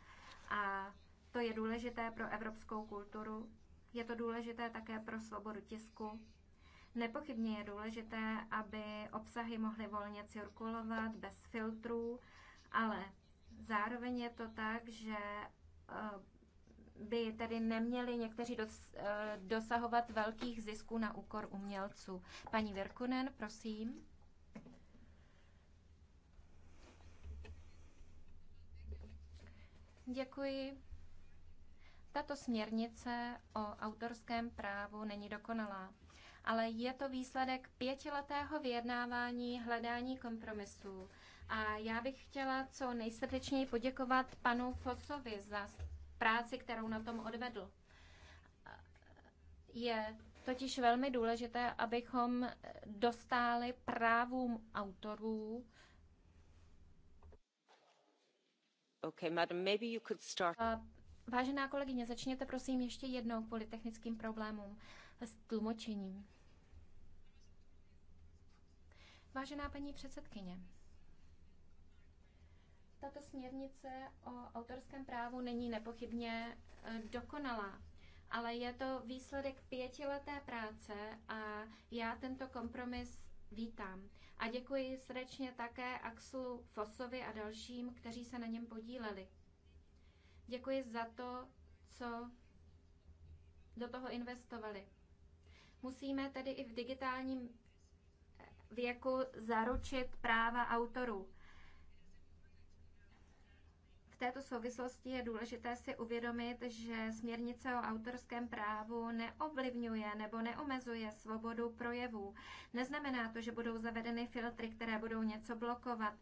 a to je důležité pro evropskou kulturu, je to důležité také pro svobodu tisku. Nepochybně je důležité, aby obsahy mohly volně cirkulovat bez filtrů, ale Zároveň je to tak, že eh, by tedy neměli někteří dos, eh, dosahovat velkých zisků na úkor umělců. Paní Virkunen, prosím. Děkuji. Tato směrnice o autorském právu není dokonalá, ale je to výsledek pětiletého vyjednávání hledání kompromisů a já bych chtěla co nejsrdečněji poděkovat panu Fosovi za práci, kterou na tom odvedl. Je totiž velmi důležité, abychom dostáli právům autorů. Okay, madam, maybe you could start. Vážená kolegyně, začněte prosím ještě jednou kvůli technickým problémům s tlumočením. Vážená paní předsedkyně, tato směrnice o autorském právu není nepochybně eh, dokonalá, ale je to výsledek pětileté práce a já tento kompromis vítám. A děkuji srdečně také Axlu Fosovi a dalším, kteří se na něm podíleli. Děkuji za to, co do toho investovali. Musíme tedy i v digitálním eh, věku zaručit práva autorů této souvislosti je důležité si uvědomit, že směrnice o autorském právu neovlivňuje nebo neomezuje svobodu projevů. Neznamená to, že budou zavedeny filtry, které budou něco blokovat.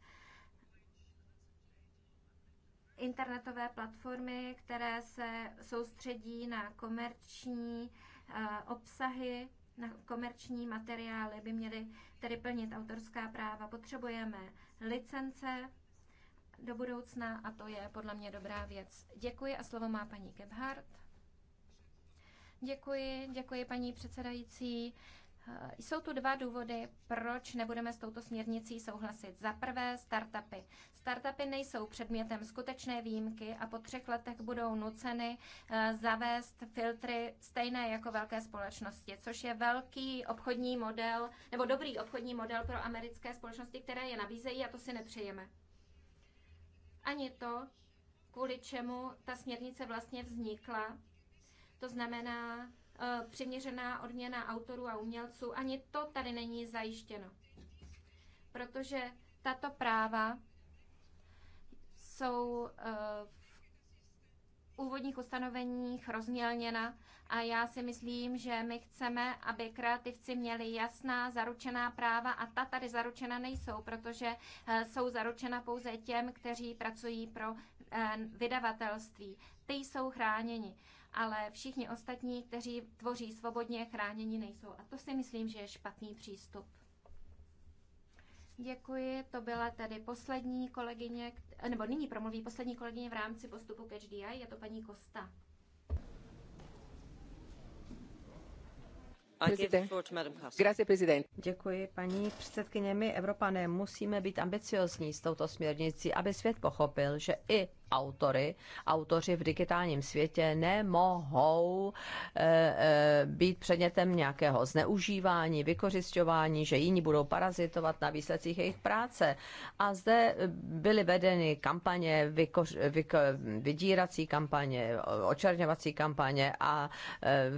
Internetové platformy, které se soustředí na komerční eh, obsahy, na komerční materiály, by měly tedy plnit autorská práva. Potřebujeme licence do budoucna a to je podle mě dobrá věc. Děkuji a slovo má paní Gebhardt. Děkuji, děkuji paní předsedající. Eh, jsou tu dva důvody, proč nebudeme s touto směrnicí souhlasit. Za prvé, startupy. Startupy nejsou předmětem skutečné výjimky a po třech letech budou nuceny eh, zavést filtry stejné jako velké společnosti, což je velký obchodní model, nebo dobrý obchodní model pro americké společnosti, které je nabízejí a to si nepřejeme ani to, kvůli čemu ta směrnice vlastně vznikla, to znamená eh, přiměřená odměna autorů a umělců, ani to tady není zajištěno. Protože tato práva jsou v eh, úvodních ustanoveních rozmělněna a já si myslím, že my chceme, aby kreativci měli jasná zaručená práva a ta tady zaručena nejsou, protože eh, jsou zaručena pouze těm, kteří pracují pro eh, vydavatelství. Ty jsou chráněni, ale všichni ostatní, kteří tvoří svobodně, chráněni nejsou. A to si myslím, že je špatný přístup. Děkuji, to byla tady poslední kolegyně, nebo nyní promluví poslední kolegyně v rámci postupu Catch je to paní Kosta. Děkuji, paní předsedkyně. My, Evropané, musíme být ambiciozní s touto směrnicí, aby svět pochopil, že i autory, autoři v digitálním světě nemohou e, e, být předmětem nějakého zneužívání, vykořišťování, že jiní budou parazitovat na výsledcích jejich práce. A zde byly vedeny kampaně, vyko, vyk, vydírací kampaně, očerňovací kampaně a e,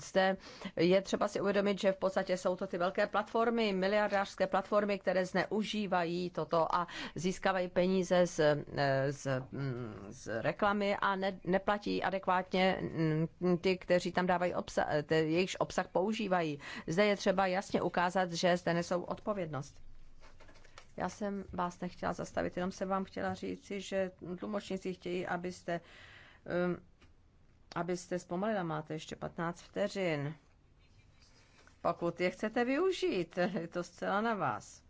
zde je třeba si uvědomit, že v podstatě jsou to ty velké platformy, miliardářské platformy, které zneužívají toto a získávají peníze z, z z reklamy a ne, neplatí adekvátně mm, ty, kteří tam dávají obsah, jejichž obsah používají. Zde je třeba jasně ukázat, že zde nesou odpovědnost. Já jsem vás nechtěla zastavit, jenom jsem vám chtěla říci, že tlumočníci chtějí, abyste, um, abyste zpomalila. Máte ještě 15 vteřin. Pokud je chcete využít, je to zcela na vás.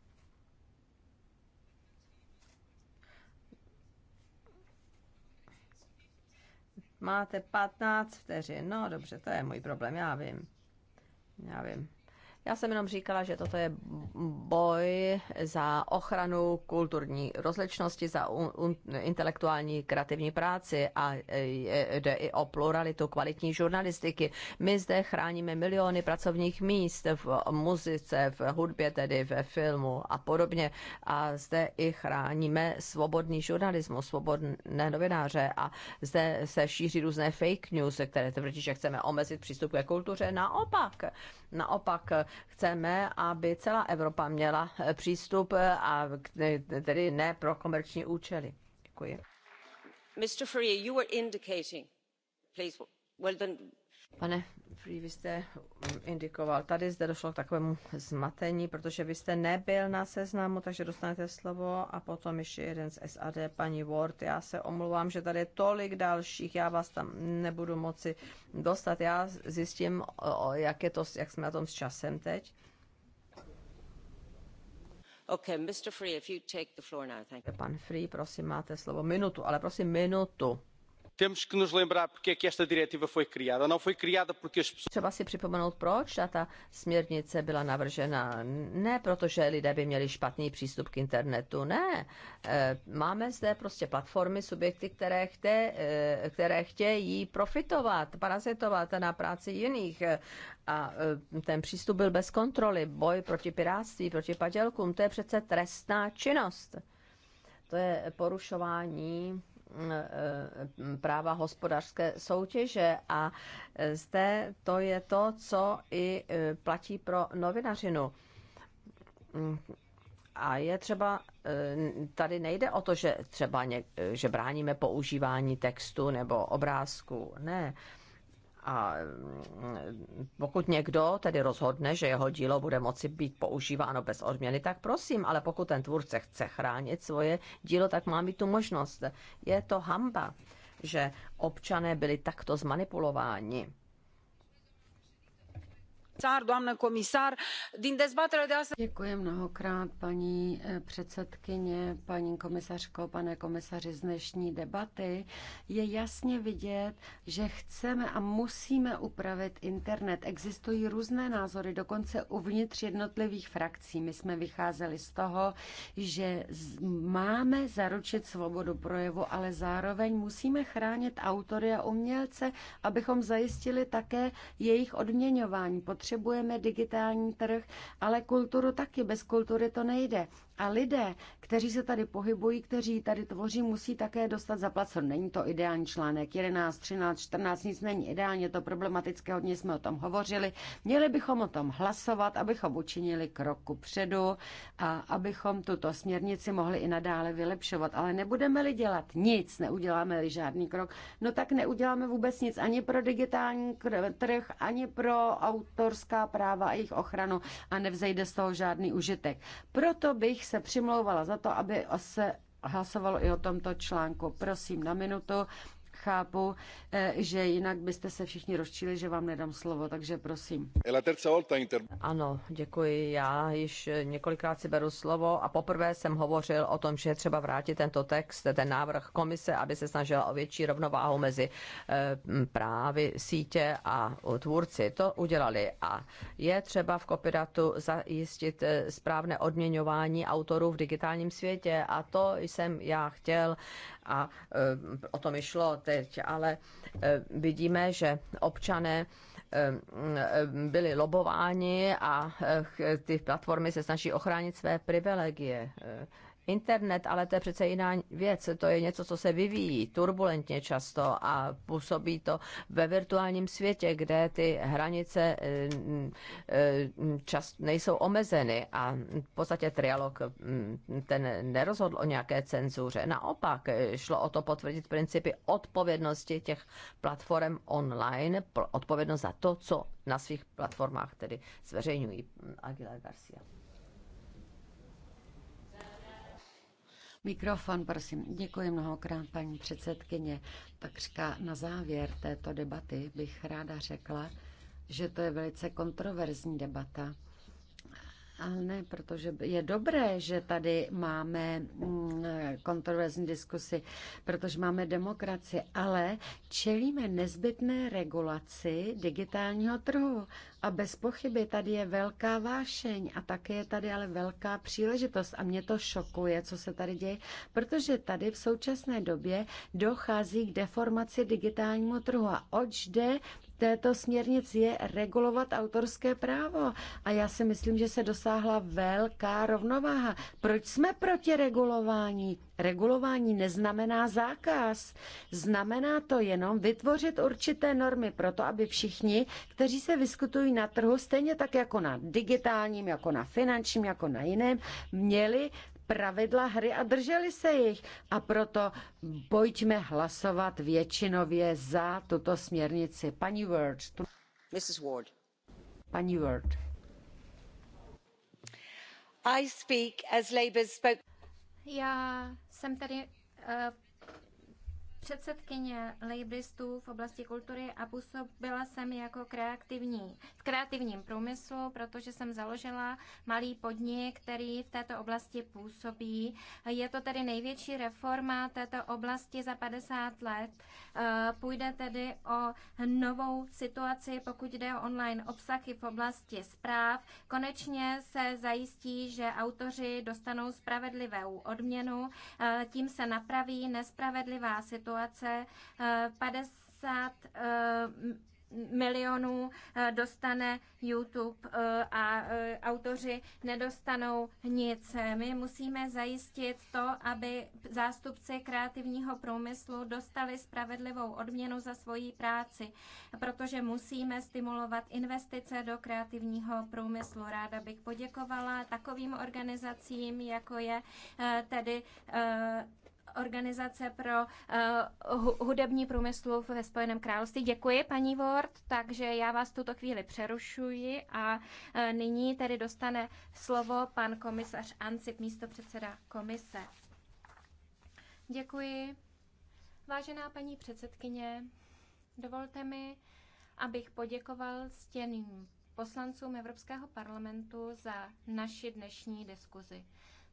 Máte 15 vteřin. No dobře, to je můj problém, já vím. Já vím. Já jsem jenom říkala, že toto je boj za ochranu kulturní rozličnosti, za un, un, intelektuální kreativní práci a e, jde i o pluralitu kvalitní žurnalistiky. My zde chráníme miliony pracovních míst v muzice, v hudbě, tedy ve filmu a podobně. A zde i chráníme svobodný žurnalismus, svobodné novináře a zde se šíří různé fake news, které tvrdí, že chceme omezit přístup ke kultuře. Naopak, Naopak eh, chceme, aby celá Evropa měla eh, přístup eh, a tedy ne pro komerční účely. Děkuji. Mr. Faria, you were indicating, please, well then Pane Free, vy jste indikoval, tady zde došlo k takovému zmatení, protože vy jste nebyl na seznamu, takže dostanete slovo a potom ještě jeden z SAD, paní Ward. Já se omluvám, že tady je tolik dalších, já vás tam nebudu moci dostat. Já zjistím, jak, je to, jak jsme na tom s časem teď. Okay, Mr. Free, if you take the floor now, thank you. Pan Free, prosím, máte slovo. Minutu, ale prosím, minutu. Třeba si připomenout, proč ta směrnice byla navržena. Ne proto, že lidé by měli špatný přístup k internetu, ne. Eh, máme zde prostě platformy, subjekty, které, chte, eh, které chtějí profitovat, parazitovat na práci jiných. A eh, ten přístup byl bez kontroly. Boj proti piráctví, proti padělkům, to je přece trestná činnost. To je porušování Eh, eh, práva hospodářské soutěže a zde to je to, co i eh, platí pro novinařinu. A je třeba, tady nejde o to, že třeba něk, že bráníme používání textu nebo obrázku. Ne, a mm, pokud někdo tedy rozhodne, že jeho dílo bude moci být používáno bez odměny, tak prosím, ale pokud ten tvůrce chce chránit svoje dílo, tak má mít tu možnost. Je to hamba, že občané byli takto zmanipulováni doamnă comisar, din dezbaterea de astăzi... Děkuji mnohokrát, paní eh, předsedkyně, paní komisařko, pane komisaři, z dnešní debaty. Je jasně vidět, že chceme a musíme upravit internet. Existují různé názory, dokonce uvnitř jednotlivých frakcí. My jsme vycházeli z toho, že máme zaručit svobodu projevu, ale zároveň musíme chránit autory a umělce, abychom zajistili také jejich odměňování. Potřebujeme potřebujeme digitální trh, ale kulturu taky. Bez kultury to nejde. A lidé, kteří se tady pohybují, kteří tady tvoří, musí také dostat zaplaceno. Není to ideální článek 11, 13, 14, nic není ideální, je to problematické, hodně jsme o tom hovořili. Měli bychom o tom hlasovat, abychom učinili kroku předu a abychom tuto směrnici mohli i nadále vylepšovat. Ale nebudeme-li dělat nic, neuděláme-li žádný krok, no tak neuděláme vůbec nic ani pro digitální trh, ani pro autorská práva a jejich ochranu a nevzejde z toho žádný užitek. Proto bych bych se přimlouvala za to, aby se hlasovalo i o tomto článku. Prosím na minutu chápu, eh, že jinak byste se všichni rozčili, že vám nedám slovo, takže prosím. Ano, děkuji. Já již eh, několikrát si beru slovo a poprvé jsem hovořil o tom, že je třeba vrátit tento text, ten návrh komise, aby se snažila o větší rovnováhu mezi eh, právy sítě a tvůrci. To udělali a je třeba v kopiratu zajistit správné odměňování autorů v digitálním světě a to jsem já chtěl a e, o to išlo šlo teď, ale e, vidíme, že občané e, byli lobováni a ty platformy se snaží ochránit své privilegie internet, ale to je přece jiná věc. To je něco, co se vyvíjí turbulentně často a působí to ve virtuálním světě, kde ty hranice eh, mm, eh, čas nejsou omezeny a v podstatě trialog mm, ten nerozhodl o nějaké cenzuře. Naopak eh, šlo o to potvrdit principy odpovědnosti těch platform online, odpovědnost za to, co na svých platformách tedy zveřejňují. Aguilar Garcia. Mikrofon, prosím. Děkuji mnohokrát, paní předsedkyně. Takřka na závěr této debaty bych ráda řekla, že to je velice kontroverzní debata ale ne, protože je dobré, že tady máme mm, kontroverzní diskusy, protože máme demokracii, ale čelíme nezbytné regulaci digitálního trhu. A bez pochyby tady je velká vášeň a také je tady ale velká příležitost. A mě to šokuje, co se tady děje, protože tady v současné době dochází k deformaci digitálního trhu. A oč jde, této směrnici je regulovat autorské právo. A já si myslím, že se dosáhla velká rovnováha. Proč jsme proti regulování? Regulování neznamená zákaz. Znamená to jenom vytvořit určité normy pro to, aby všichni, kteří se vyskutují na trhu, stejně tak jako na digitálním, jako na finančním, jako na jiném, měli pravidla hry a drželi se jich. A proto pojďme hlasovat většinově za tuto směrnici. Paní Ward. Tu... Mrs. Ward. Paní Ward. I speak as Labour spoke. Já jsem tady eh, předsedkyně labelistů v oblasti kultury a působila jsem jako kreativní, v kreativním průmyslu, protože jsem založila malý podnik, který v této oblasti působí. Je to tedy největší reforma této oblasti za 50 let. Eh, půjde tedy o novou situaci, pokud jde o online obsahy v oblasti zpráv. Konečně se zajistí, že autoři dostanou spravedlivou odměnu, eh, tím se napraví nespravedlivá situace situace. 50 eh, eh, milionů eh, dostane YouTube a autoři nedostanou nic. My musíme zajistit to, aby zástupci kreativního průmyslu dostali spravedlivou odměnu za svoji práci, protože musíme stimulovat investice do kreativního průmyslu. Ráda bych poděkovala takovým organizacím, jako je tedy organizace pro eh, hudební průmysl ve Spojeném království. Děkuji, paní Ward, takže já vás tuto chvíli přerušuji a eh, nyní tedy dostane slovo pan komisař Ancip, místo předseda komise. Děkuji. Vážená paní předsedkyně, dovolte mi, abych poděkoval stěným poslancům Evropského parlamentu za naši dnešní diskuzi.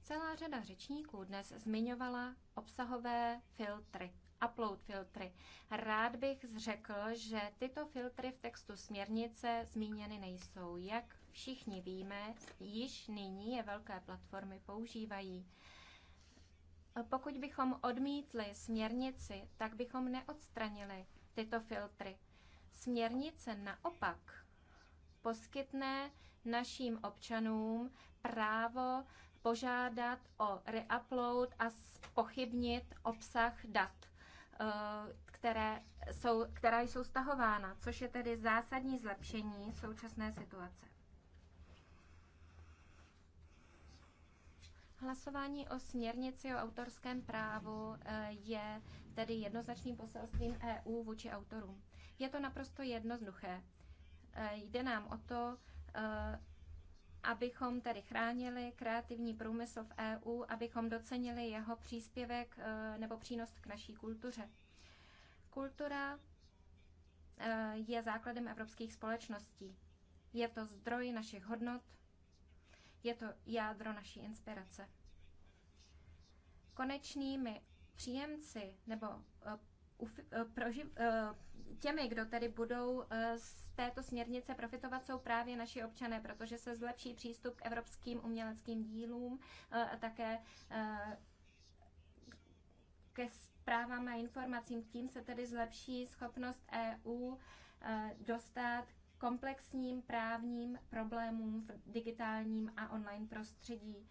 Celá řada řečníků dnes zmiňovala obsahové filtry, upload filtry. Rád bych řekl, že tyto filtry v textu směrnice zmíněny nejsou. Jak všichni víme, již nyní je velké platformy používají. Pokud bychom odmítli směrnici, tak bychom neodstranili tyto filtry. Směrnice naopak poskytne našim občanům právo požádat o reupload a spochybnit obsah dat, eh, které jsou, která jsou stahována, což je tedy zásadní zlepšení současné situace. Hlasování o směrnici o autorském právu eh, je tedy jednoznačným poselstvím EU vůči autorům. Je to naprosto jednoduché. Eh, jde nám o to abychom tady chránili kreativní průmysl v EU, abychom docenili jeho příspěvek eh, nebo přínos k naší kultuře. Kultura eh, je základem evropských společností. Je to zdroj našich hodnot, je to jádro naší inspirace. Konečnými příjemci nebo Eh, eh, těmi, kdo tedy budou eh, z této směrnice profitovat, jsou právě naši občané, protože se zlepší přístup k evropským uměleckým dílům a také ke zprávám a informacím. Tím se tedy zlepší schopnost EU dostat komplexním právním problémům v digitálním a online prostředí.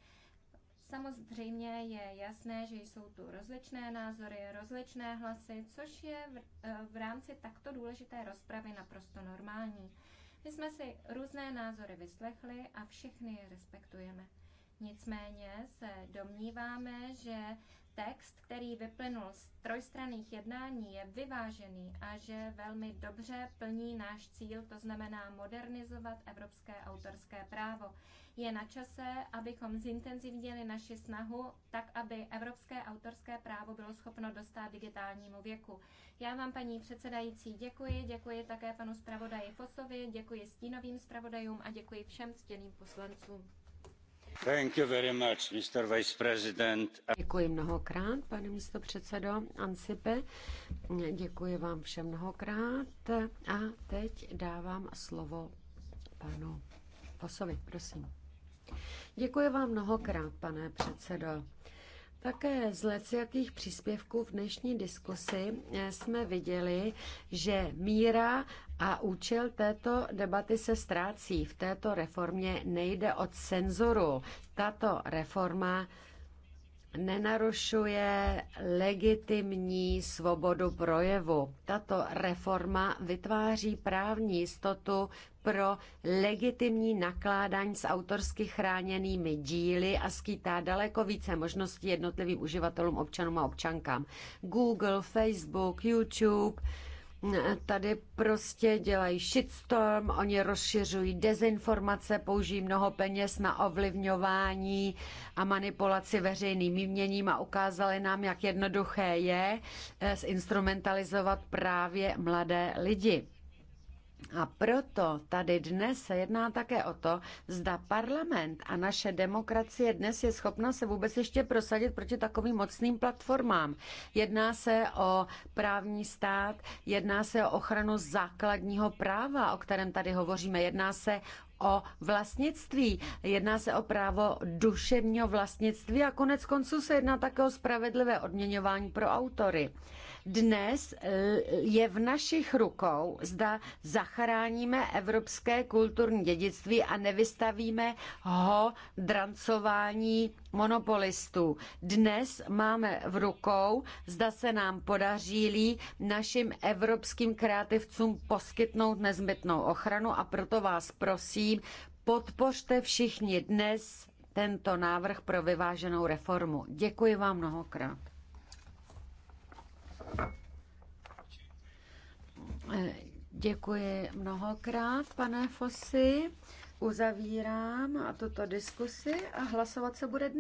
Samozřejmě je jasné, že jsou tu rozličné názory, rozličné hlasy, což je eh, v, rámci takto důležité rozpravy naprosto normální. My jsme si různé názory vyslechli a všechny je respektujeme. Nicméně se domníváme, že text, který vyplynul z trojstranných jednání, je vyvážený a že velmi dobře plní náš cíl, to znamená modernizovat evropské autorské právo. Je na čase, abychom zintenzivnili naši snahu tak, aby evropské autorské právo bylo schopno dostat digitálnímu věku. Já vám, paní předsedající, děkuji, děkuji také panu zpravodaji Fosovi, děkuji stínovým zpravodajům a děkuji všem ctěným poslancům. Děkuji mnohokrát, pane místopředsedo Ansipe. Děkuji vám všem mnohokrát. A teď dávám slovo panu Posovi, prosím. Děkuji vám mnohokrát, pane předsedo. Také z leckých příspěvků v dnešní diskusi eh, jsme viděli, že míra a účel této debaty se ztrácí. V této reformě nejde o cenzuru. Tato reforma nenarušuje legitimní svobodu projevu. Tato reforma vytváří právní jistotu pro legitimní nakládání s autorsky chráněnými díly a skýtá daleko více možností jednotlivým uživatelům, občanům a občankám. Google, Facebook, YouTube – tady prostě dělají shitstorm, oni rozšiřují dezinformace, použijí mnoho peněz na ovlivňování a manipulaci veřejným míměním a ukázali nám, jak jednoduché je eh, zinstrumentalizovat právě mladé lidi. A proto tady dnes se jedná také o to, zda parlament a naše demokracie dnes je schopna se vůbec ještě prosadit proti takovým mocným platformám. Jedná se o právní stát, jedná se o ochranu základního práva, o kterém tady hovoříme, jedná se o vlastnictví, jedná se o právo duševního vlastnictví a konec konců se jedná také o spravedlivé odměňování pro autory. Dnes eh, je v našich rukou, zda zachráníme evropské kulturní dědictví a nevystavíme ho drancování monopolistů. Dnes máme v rukou, zda se nám podaří našim evropským kreativcům poskytnout nezbytnou ochranu a proto vás prosím, podpořte všichni dnes tento návrh pro vyváženou reformu. Děkuji vám mnohokrát. Děkuji mnohokrát, pane Fosy. Uzavírám tuto diskusi a hlasovat se bude dnes.